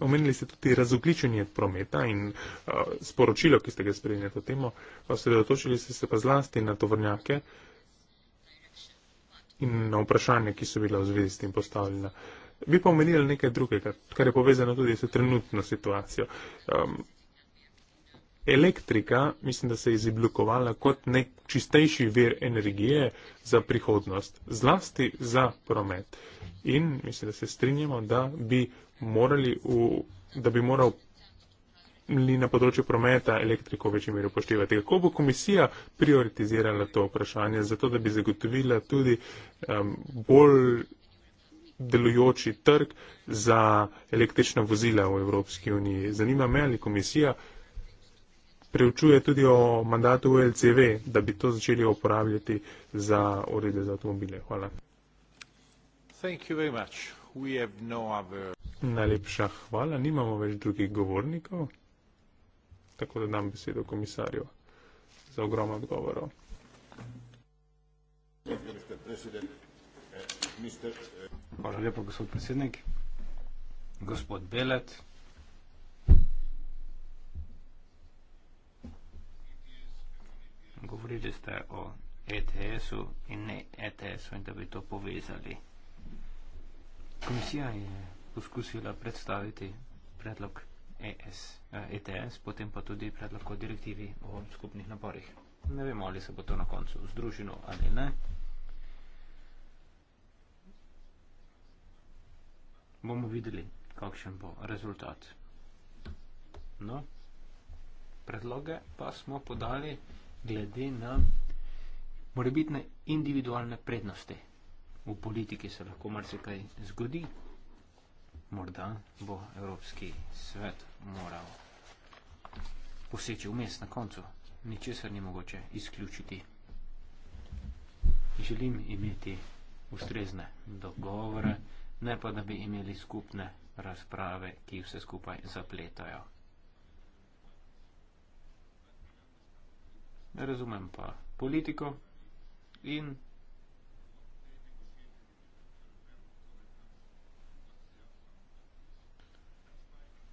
S3: omenili ste tudi razogličenje prometa in uh, sporočilo, ki ste ga sprejeli na to temo, pa ste dotočili se pa zlasti na tovrnjake in na vprašanje, ki so bila v zvezi s tem postavljena. Bi pa omenili nekaj drugega, kar je povezano tudi s trenutno situacijo. Um, elektrika, mislim, da se je izoblikovala kot nek čistejši vir energije za prihodnost, zlasti za promet. In mislim, da se strinjamo, da bi morali, v, da bi moral li na področju prometa elektriko v večji meri upoštevati. Kako bo komisija prioritizirala to vprašanje, zato da bi zagotovila tudi um, bolj delujoči trg za električna vozila v Evropski uniji. Zanima me, ali komisija preučuje tudi o mandatu LCV, da bi to začeli uporabljati za urede za avtomobile. Hvala.
S1: No other...
S3: Najlepša hvala, nimamo več drugih govornikov, tako da dam besedo komisarju
S2: za ogromno odgovorov. Hvala lepa, gospod predsednik, gospod Belet. govorili ste o ETS-u in ne ETS-u in da bi to povezali. Komisija je poskusila predstaviti predlog ES, ETS, eh, e potem pa tudi predlog o direktivi o skupnih naporih. Ne vemo, ali se bo to na koncu združilo ali ne. Bomo videli, kakšen bo rezultat. No, predloge pa smo podali glede na morebitne individualne prednosti. V politiki se lahko marsikaj zgodi. Morda bo Evropski svet moral poseči vmes na koncu. Ničesar ni mogoče izključiti. Želim imeti ustrezne dogovore, ne pa da bi imeli skupne razprave, ki vse skupaj zapletajo. razumem pa politiko in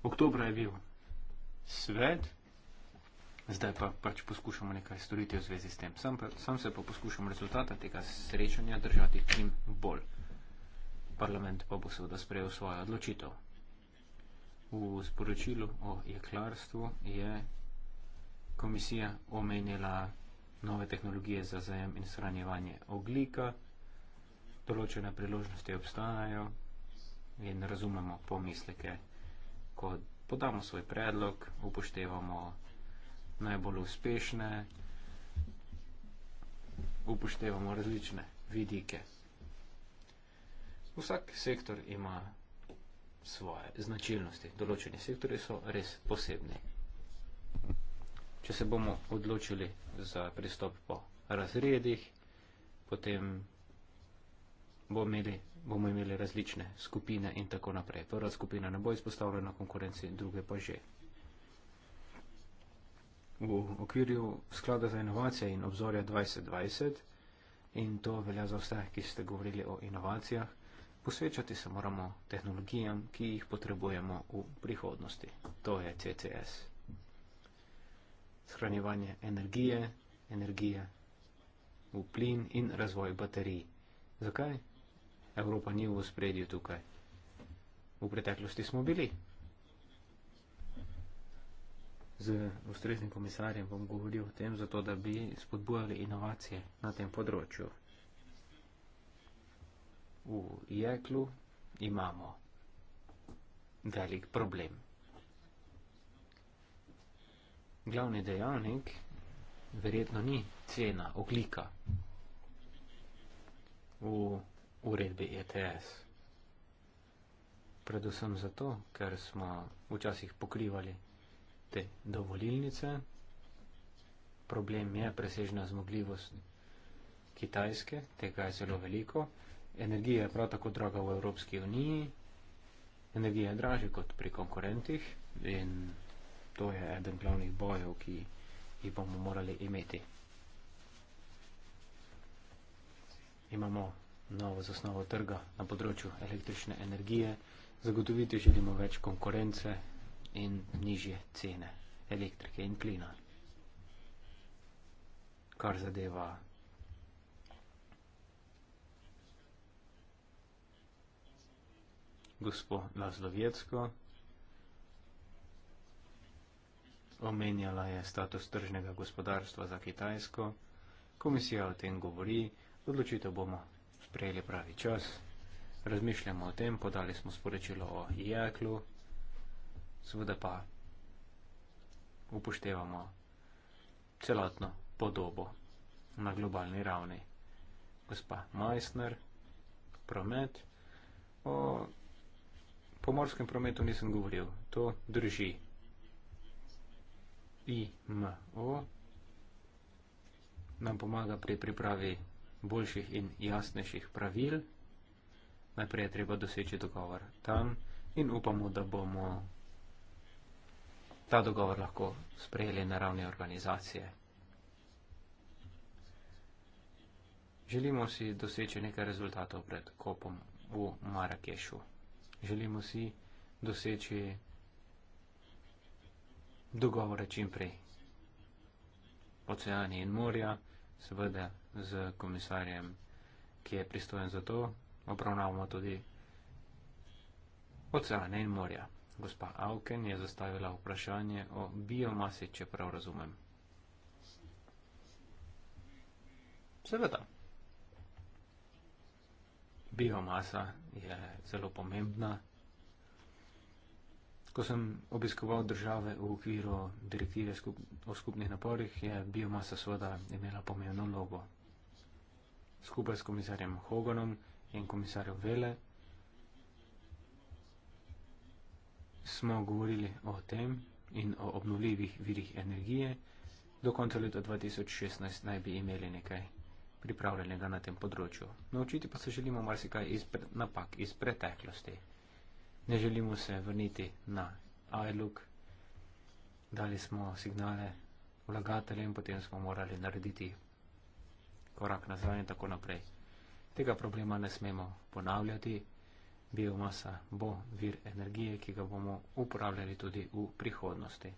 S2: oktober je bil svet, zdaj pa pač poskušamo nekaj storiti v zvezi s tem. Sam, pa, sam se pa poskušam rezultata tega srečanja držati čim bolj. Parlament pa bo seveda sprejel svojo odločitev. V sporočilu o jeklarstvu je komisija omenila nove tehnologije za zajem in shranjevanje oglika. Določene priložnosti obstajajo in razumemo pomisleke, ko podamo svoj predlog, upoštevamo najbolj uspešne, upoštevamo različne vidike. Vsak sektor ima svoje značilnosti. Določeni sektori so res posebni. Če se bomo odločili za pristop po razredih, potem bomo imeli, bomo imeli različne skupine in tako naprej. Prva skupina ne bo izpostavljena konkurenci, druge pa že. V okviru sklada za inovacije in obzorja 2020, in to velja za vse, ki ste govorili o inovacijah, posvečati se moramo tehnologijam, ki jih potrebujemo v prihodnosti. To je CCS shranjevanje energije, energije v plin in razvoj baterij. Zakaj? Evropa ni v spredju tukaj. V preteklosti smo bili. Z ustreznim komisarjem bom govoril o tem, zato da bi spodbujali inovacije na tem področju. V jeklu imamo velik problem glavni dejavnik verjetno ni cena oglika v uredbi ETS. Predvsem zato, ker smo včasih pokrivali te dovolilnice. Problem je presežna zmogljivost Kitajske, tega je zelo veliko. Energija je prav tako draga v Evropski uniji, energija je dražja kot pri konkurentih in to je eden glavnih bojev, ki jih bomo morali imeti. Imamo novo zasnovo trga na področju električne energije, zagotoviti želimo več konkurence in nižje cene elektrike in plina. Kar zadeva gospod Lazlovjecko, Omenjala je status tržnega gospodarstva za Kitajsko. Komisija o tem govori, odločitev bomo sprejeli pravi čas. Razmišljamo o tem, podali smo sporočilo o jeklu, seveda pa upoštevamo celotno podobo na globalni ravni. Gospa Meissner, promet. O pomorskem prometu nisem govoril, to drži. IMO nam pomaga pri pripravi boljših in jasnejših pravil. Najprej je treba doseči dogovor tam in upamo, da bomo ta dogovor lahko sprejeli na ravni organizacije. Želimo si doseči nekaj rezultatov pred kopom v Marrakešu. Želimo si doseči dogovore čim prej. Oceani in morja, seveda z komisarjem, ki je pristojen za to, obravnavamo tudi oceane in morja. Gospa Auken je zastavila vprašanje o biomasi, če prav razumem. Seveda. Biomasa je zelo pomembna. Ko sem obiskoval države v okviru direktive skup o skupnih naporih, je biomasa seveda imela pomembno logo. Skupaj s komisarjem Hoganom in komisarjem Vele smo govorili o tem in o obnovljivih virih energije. Do konca leta 2016 naj bi imeli nekaj pripravljenega na tem področju. Naučiti pa se želimo marsikaj iz napak iz preteklosti ne želimo se vrniti na iLook. Dali smo signale vlagateljem, potem smo morali narediti korak nazaj in tako naprej. Tega problema ne smemo ponavljati. Biomasa bo vir energije, ki ga bomo uporabljali tudi v prihodnosti.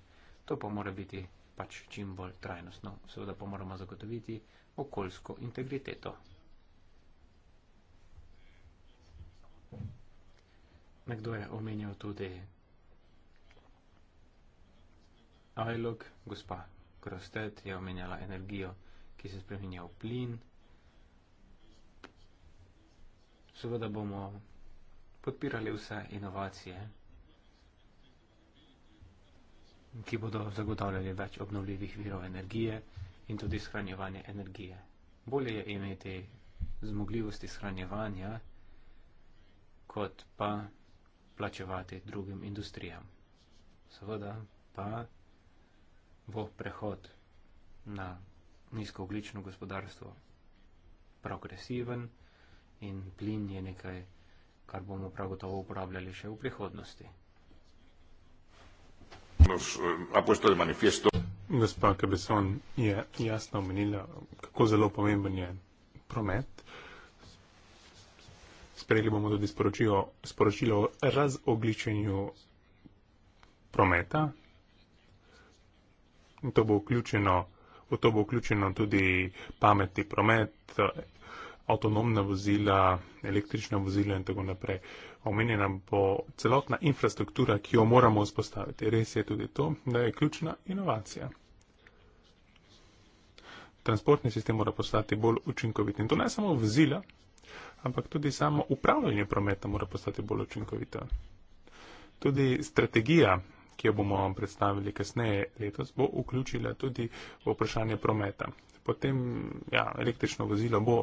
S2: To pa mora biti pač čim bolj trajnostno. Seveda pa moramo zagotoviti okoljsko integriteto. nekdo je omenjal tudi Ajlok, gospa Krostet je omenjala energijo, ki se spremenja v plin. Seveda bomo podpirali vse inovacije, ki bodo zagotavljali več obnovljivih virov energije in tudi shranjevanje energije. Bolje je imeti zmogljivosti shranjevanja, kot pa plačevati drugim industrijam. Seveda pa bo prehod na nizkooglično gospodarstvo progresiven in plin je nekaj, kar bomo prav gotovo uporabljali še v prihodnosti.
S3: Eh, Apostol manifesto. Gospa Kabeson je jasno omenila, kako zelo pomemben je promet. Sprejeli bomo tudi sporočilo, sporočilo o razogličenju prometa. In to bo vključeno, v to bo vključeno tudi pametni promet, avtonomna vozila, električna vozila in tako naprej. Omenjena bo celotna infrastruktura, ki jo moramo vzpostaviti. Res je tudi to, da je ključna inovacija. Transportni sistem mora postati bolj učinkovit in to ne samo vzila, ampak tudi samo upravljanje prometa mora postati bolj učinkovito. Tudi strategija, ki jo bomo vam predstavili kasneje letos, bo vključila tudi vprašanje prometa. Potem ja, električno vozilo bo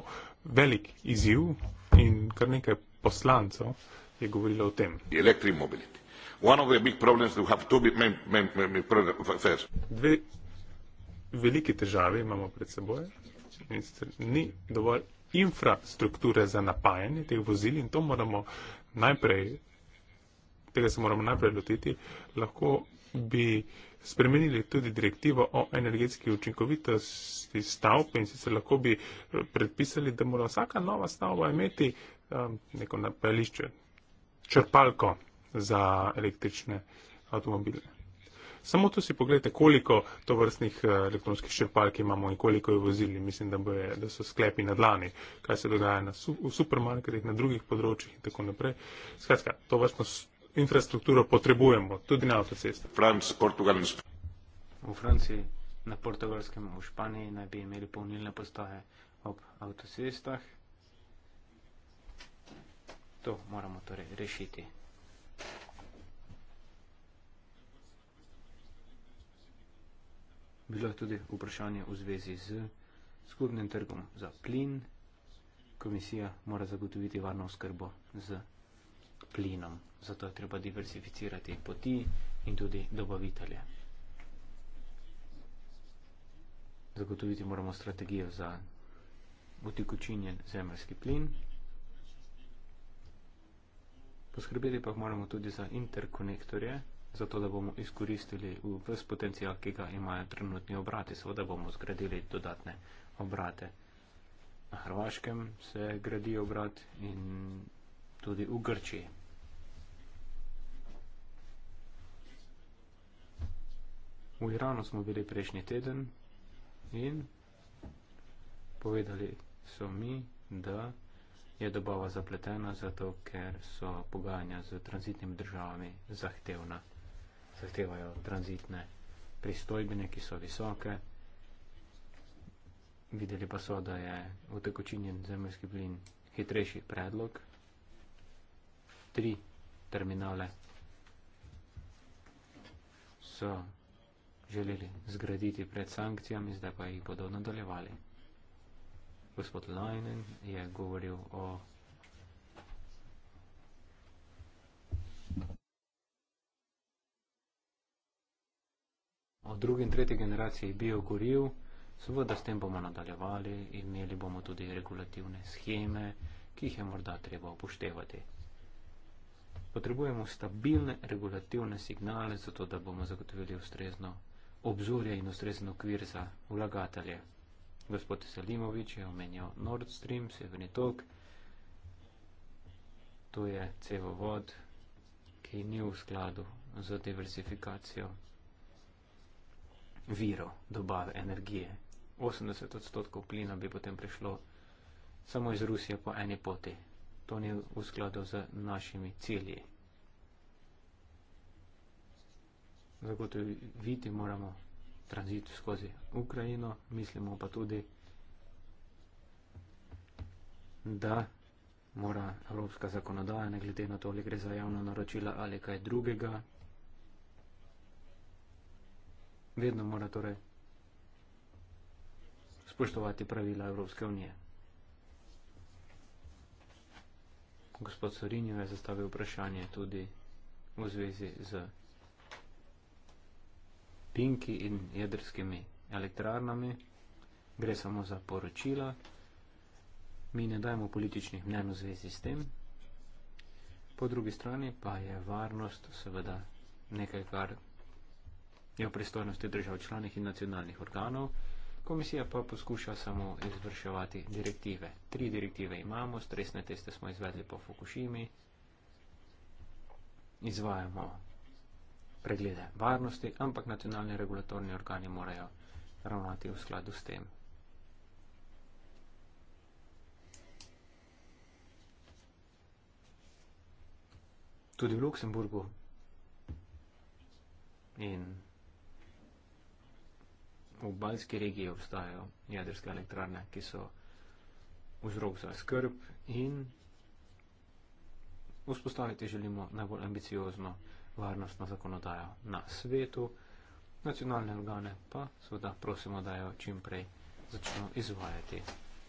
S3: velik izziv in kar nekaj poslancov je govorilo o tem. Dve veliki težavi imamo pred seboj. Ni dovolj infrastrukture za napajanje teh vozil in to moramo najprej, tega se moramo najprej lotiti, lahko bi spremenili tudi direktivo o energetski učinkovitosti stavb in sicer lahko bi predpisali, da mora vsaka nova stavba imeti um, neko napajališče, črpalko za električne avtomobile. Samo to si pogledajte, koliko to vrstnih eh, elektronskih črpalk imamo in koliko je vozili. Mislim, da, boje, da so sklepi na dlani, kaj se dogaja na su supermarketih, na drugih področjih in tako naprej. Skratka, to vrstno infrastrukturo potrebujemo tudi na avtocestah. Franc, Portugal in
S2: V Franciji, na portugalskem, v Španiji naj bi imeli polnilne postaje ob avtocestah. To moramo torej rešiti. bilo je tudi vprašanje v zvezi z skupnim trgom za plin. Komisija mora zagotoviti varno skrbo z plinom, zato je treba diversificirati poti in tudi dobavitelje. Zagotoviti moramo strategijo za utikočinjen zemljski plin. Poskrbeti pa moramo tudi za interkonektorje, zato da bomo izkoristili vse potencijal, ki ga imajo trenutni obrati. Seveda bomo zgradili dodatne obrate. Na Hrvaškem se gradi obrat in tudi v Grčiji. V Iranu smo bili prejšnji teden in povedali so mi, da je dobava zapletena zato, ker so pogajanja z tranzitnimi državami zahtevna zahtevajo tranzitne pristojbine, ki so visoke. Videli pa so, da je utekočinjen zemljski plin hitrejši predlog. Tri terminale so želeli zgraditi pred sankcijami, zdaj pa jih bodo nadaljevali. Gospod Leinen je govoril o o drugi in tretji generaciji biogoriv, seveda s tem bomo nadaljevali in imeli bomo tudi regulativne scheme, ki jih je morda treba upoštevati. Potrebujemo stabilne regulativne signale, zato da bomo zagotovili ustrezno obzorje in ustrezen okvir za vlagatelje. Gospod Selimovič je omenjal Nord Stream, Severni tok, to je cevovod, ki ni v skladu z diversifikacijo virov dobave energije. 80 odstotkov plina bi potem prišlo samo iz Rusije po eni poti. To ni v skladu z našimi cilji. Zagotoviti moramo tranzit skozi Ukrajino, mislimo pa tudi, da mora evropska zakonodaja, ne glede na to, ali gre za javno naročila ali kaj drugega, vedno mora torej spoštovati pravila Evropske unije. Gospod Sorinjo je zastavil vprašanje tudi v zvezi z pinki in jedrskimi elektrarnami. Gre samo za poročila. Mi ne dajemo političnih mnen v zvezi s tem. Po drugi strani pa je varnost seveda nekaj, kar je v pristojnosti držav članih in nacionalnih organov, komisija pa poskuša samo izvrševati direktive. Tri direktive imamo, stresne teste smo izvedli po Fukushimi, izvajamo preglede varnosti, ampak nacionalni regulatorni organi morajo ravnati v skladu s tem. Tudi v Luksemburgu in v Balski regiji obstajajo jedrske elektrarne, ki so vzrok za skrb in vzpostaviti želimo najbolj ambiciozno varnostno zakonodajo na svetu. Nacionalne organe pa seveda prosimo, da jo čim prej začnemo izvajati.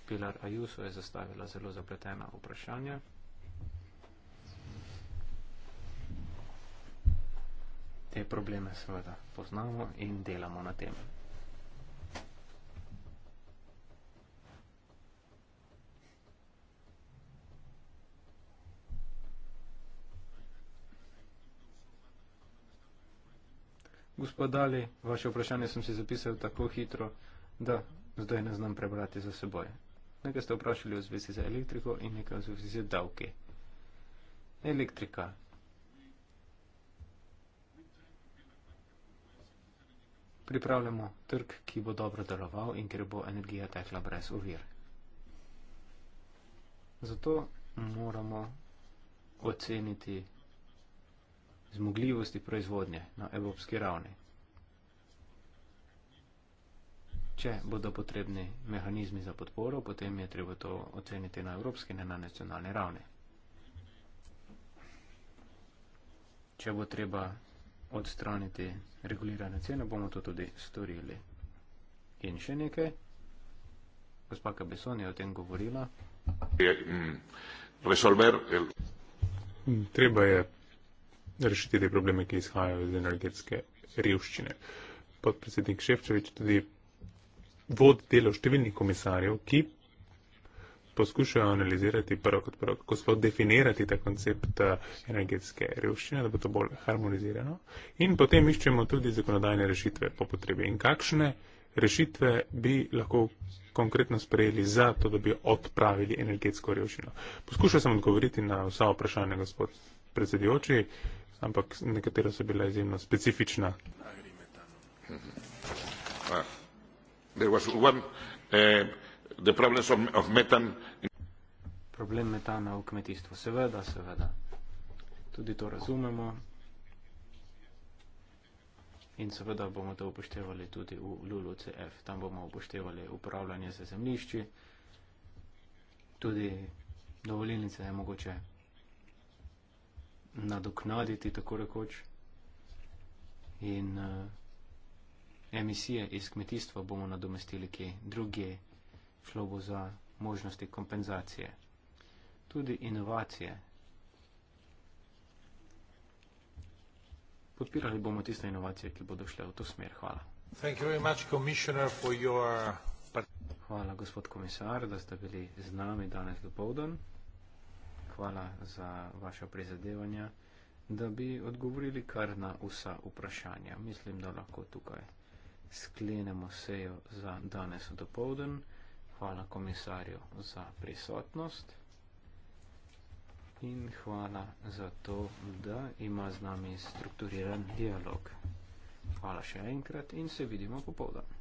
S2: Pilar Ajuso je zastavila zelo zapletena vprašanja. Te probleme seveda poznamo in delamo na tem. Gospod Dali, vaše vprašanje sem si zapisal tako hitro, da zdaj ne znam prebrati za seboj. Nekaj ste vprašali v zvezi z elektriko in nekaj v zvezi z davki. Elektrika. Pripravljamo trg, ki bo dobro deloval in kjer bo energija tekla brez ovir. Zato moramo oceniti zmogljivosti proizvodnje na evropski ravni. Če bodo potrebni mehanizmi za podporo, potem je treba to oceniti na evropski, ne na nacionalni ravni. Če bo treba odstraniti regulirane cene, bomo to tudi storili. In še nekaj, gospa Kabeson je o tem govorila. Eh, mm,
S3: treba je rešiti te probleme, ki izhajajo iz energetske revščine. Podpredsednik Ševčevič tudi vod delo številnih komisarjev, ki poskušajo analizirati prvo kot prvo, kako sploh definirati ta koncept eh, energetske revščine, da bo to bolj harmonizirano. In potem iščemo tudi zakonodajne rešitve po potrebi. In kakšne rešitve bi lahko konkretno sprejeli za to, da bi odpravili energetsko revščino. Poskušal sem odgovoriti na vsa vprašanja, gospod predsedujoči ampak nekatera so bila izjemno specifična. Ah, eh,
S2: Problem metana v kmetijstvu, seveda, seveda. Tudi to razumemo in seveda bomo to upoštevali tudi v LULUCF. Tam bomo upoštevali upravljanje za zemlišči, tudi dovoljnice je mogoče nadoknaditi, tako rekoč. In uh, emisije iz kmetijstva bomo nadomestili kje druge, šlo bo za možnosti kompenzacije. Tudi inovacije. Podpirali bomo tiste inovacije, ki bodo šle v to smer. Hvala.
S1: Much, your...
S2: Hvala, gospod komisar, da ste bili z nami danes dopoledne hvala za vaše prizadevanja, da bi odgovorili kar na vsa vprašanja. Mislim, da lahko tukaj sklenemo sejo za danes do povden. Hvala komisarju za prisotnost in hvala za to, da ima z nami strukturiran dialog. Hvala še enkrat in se vidimo popovdan.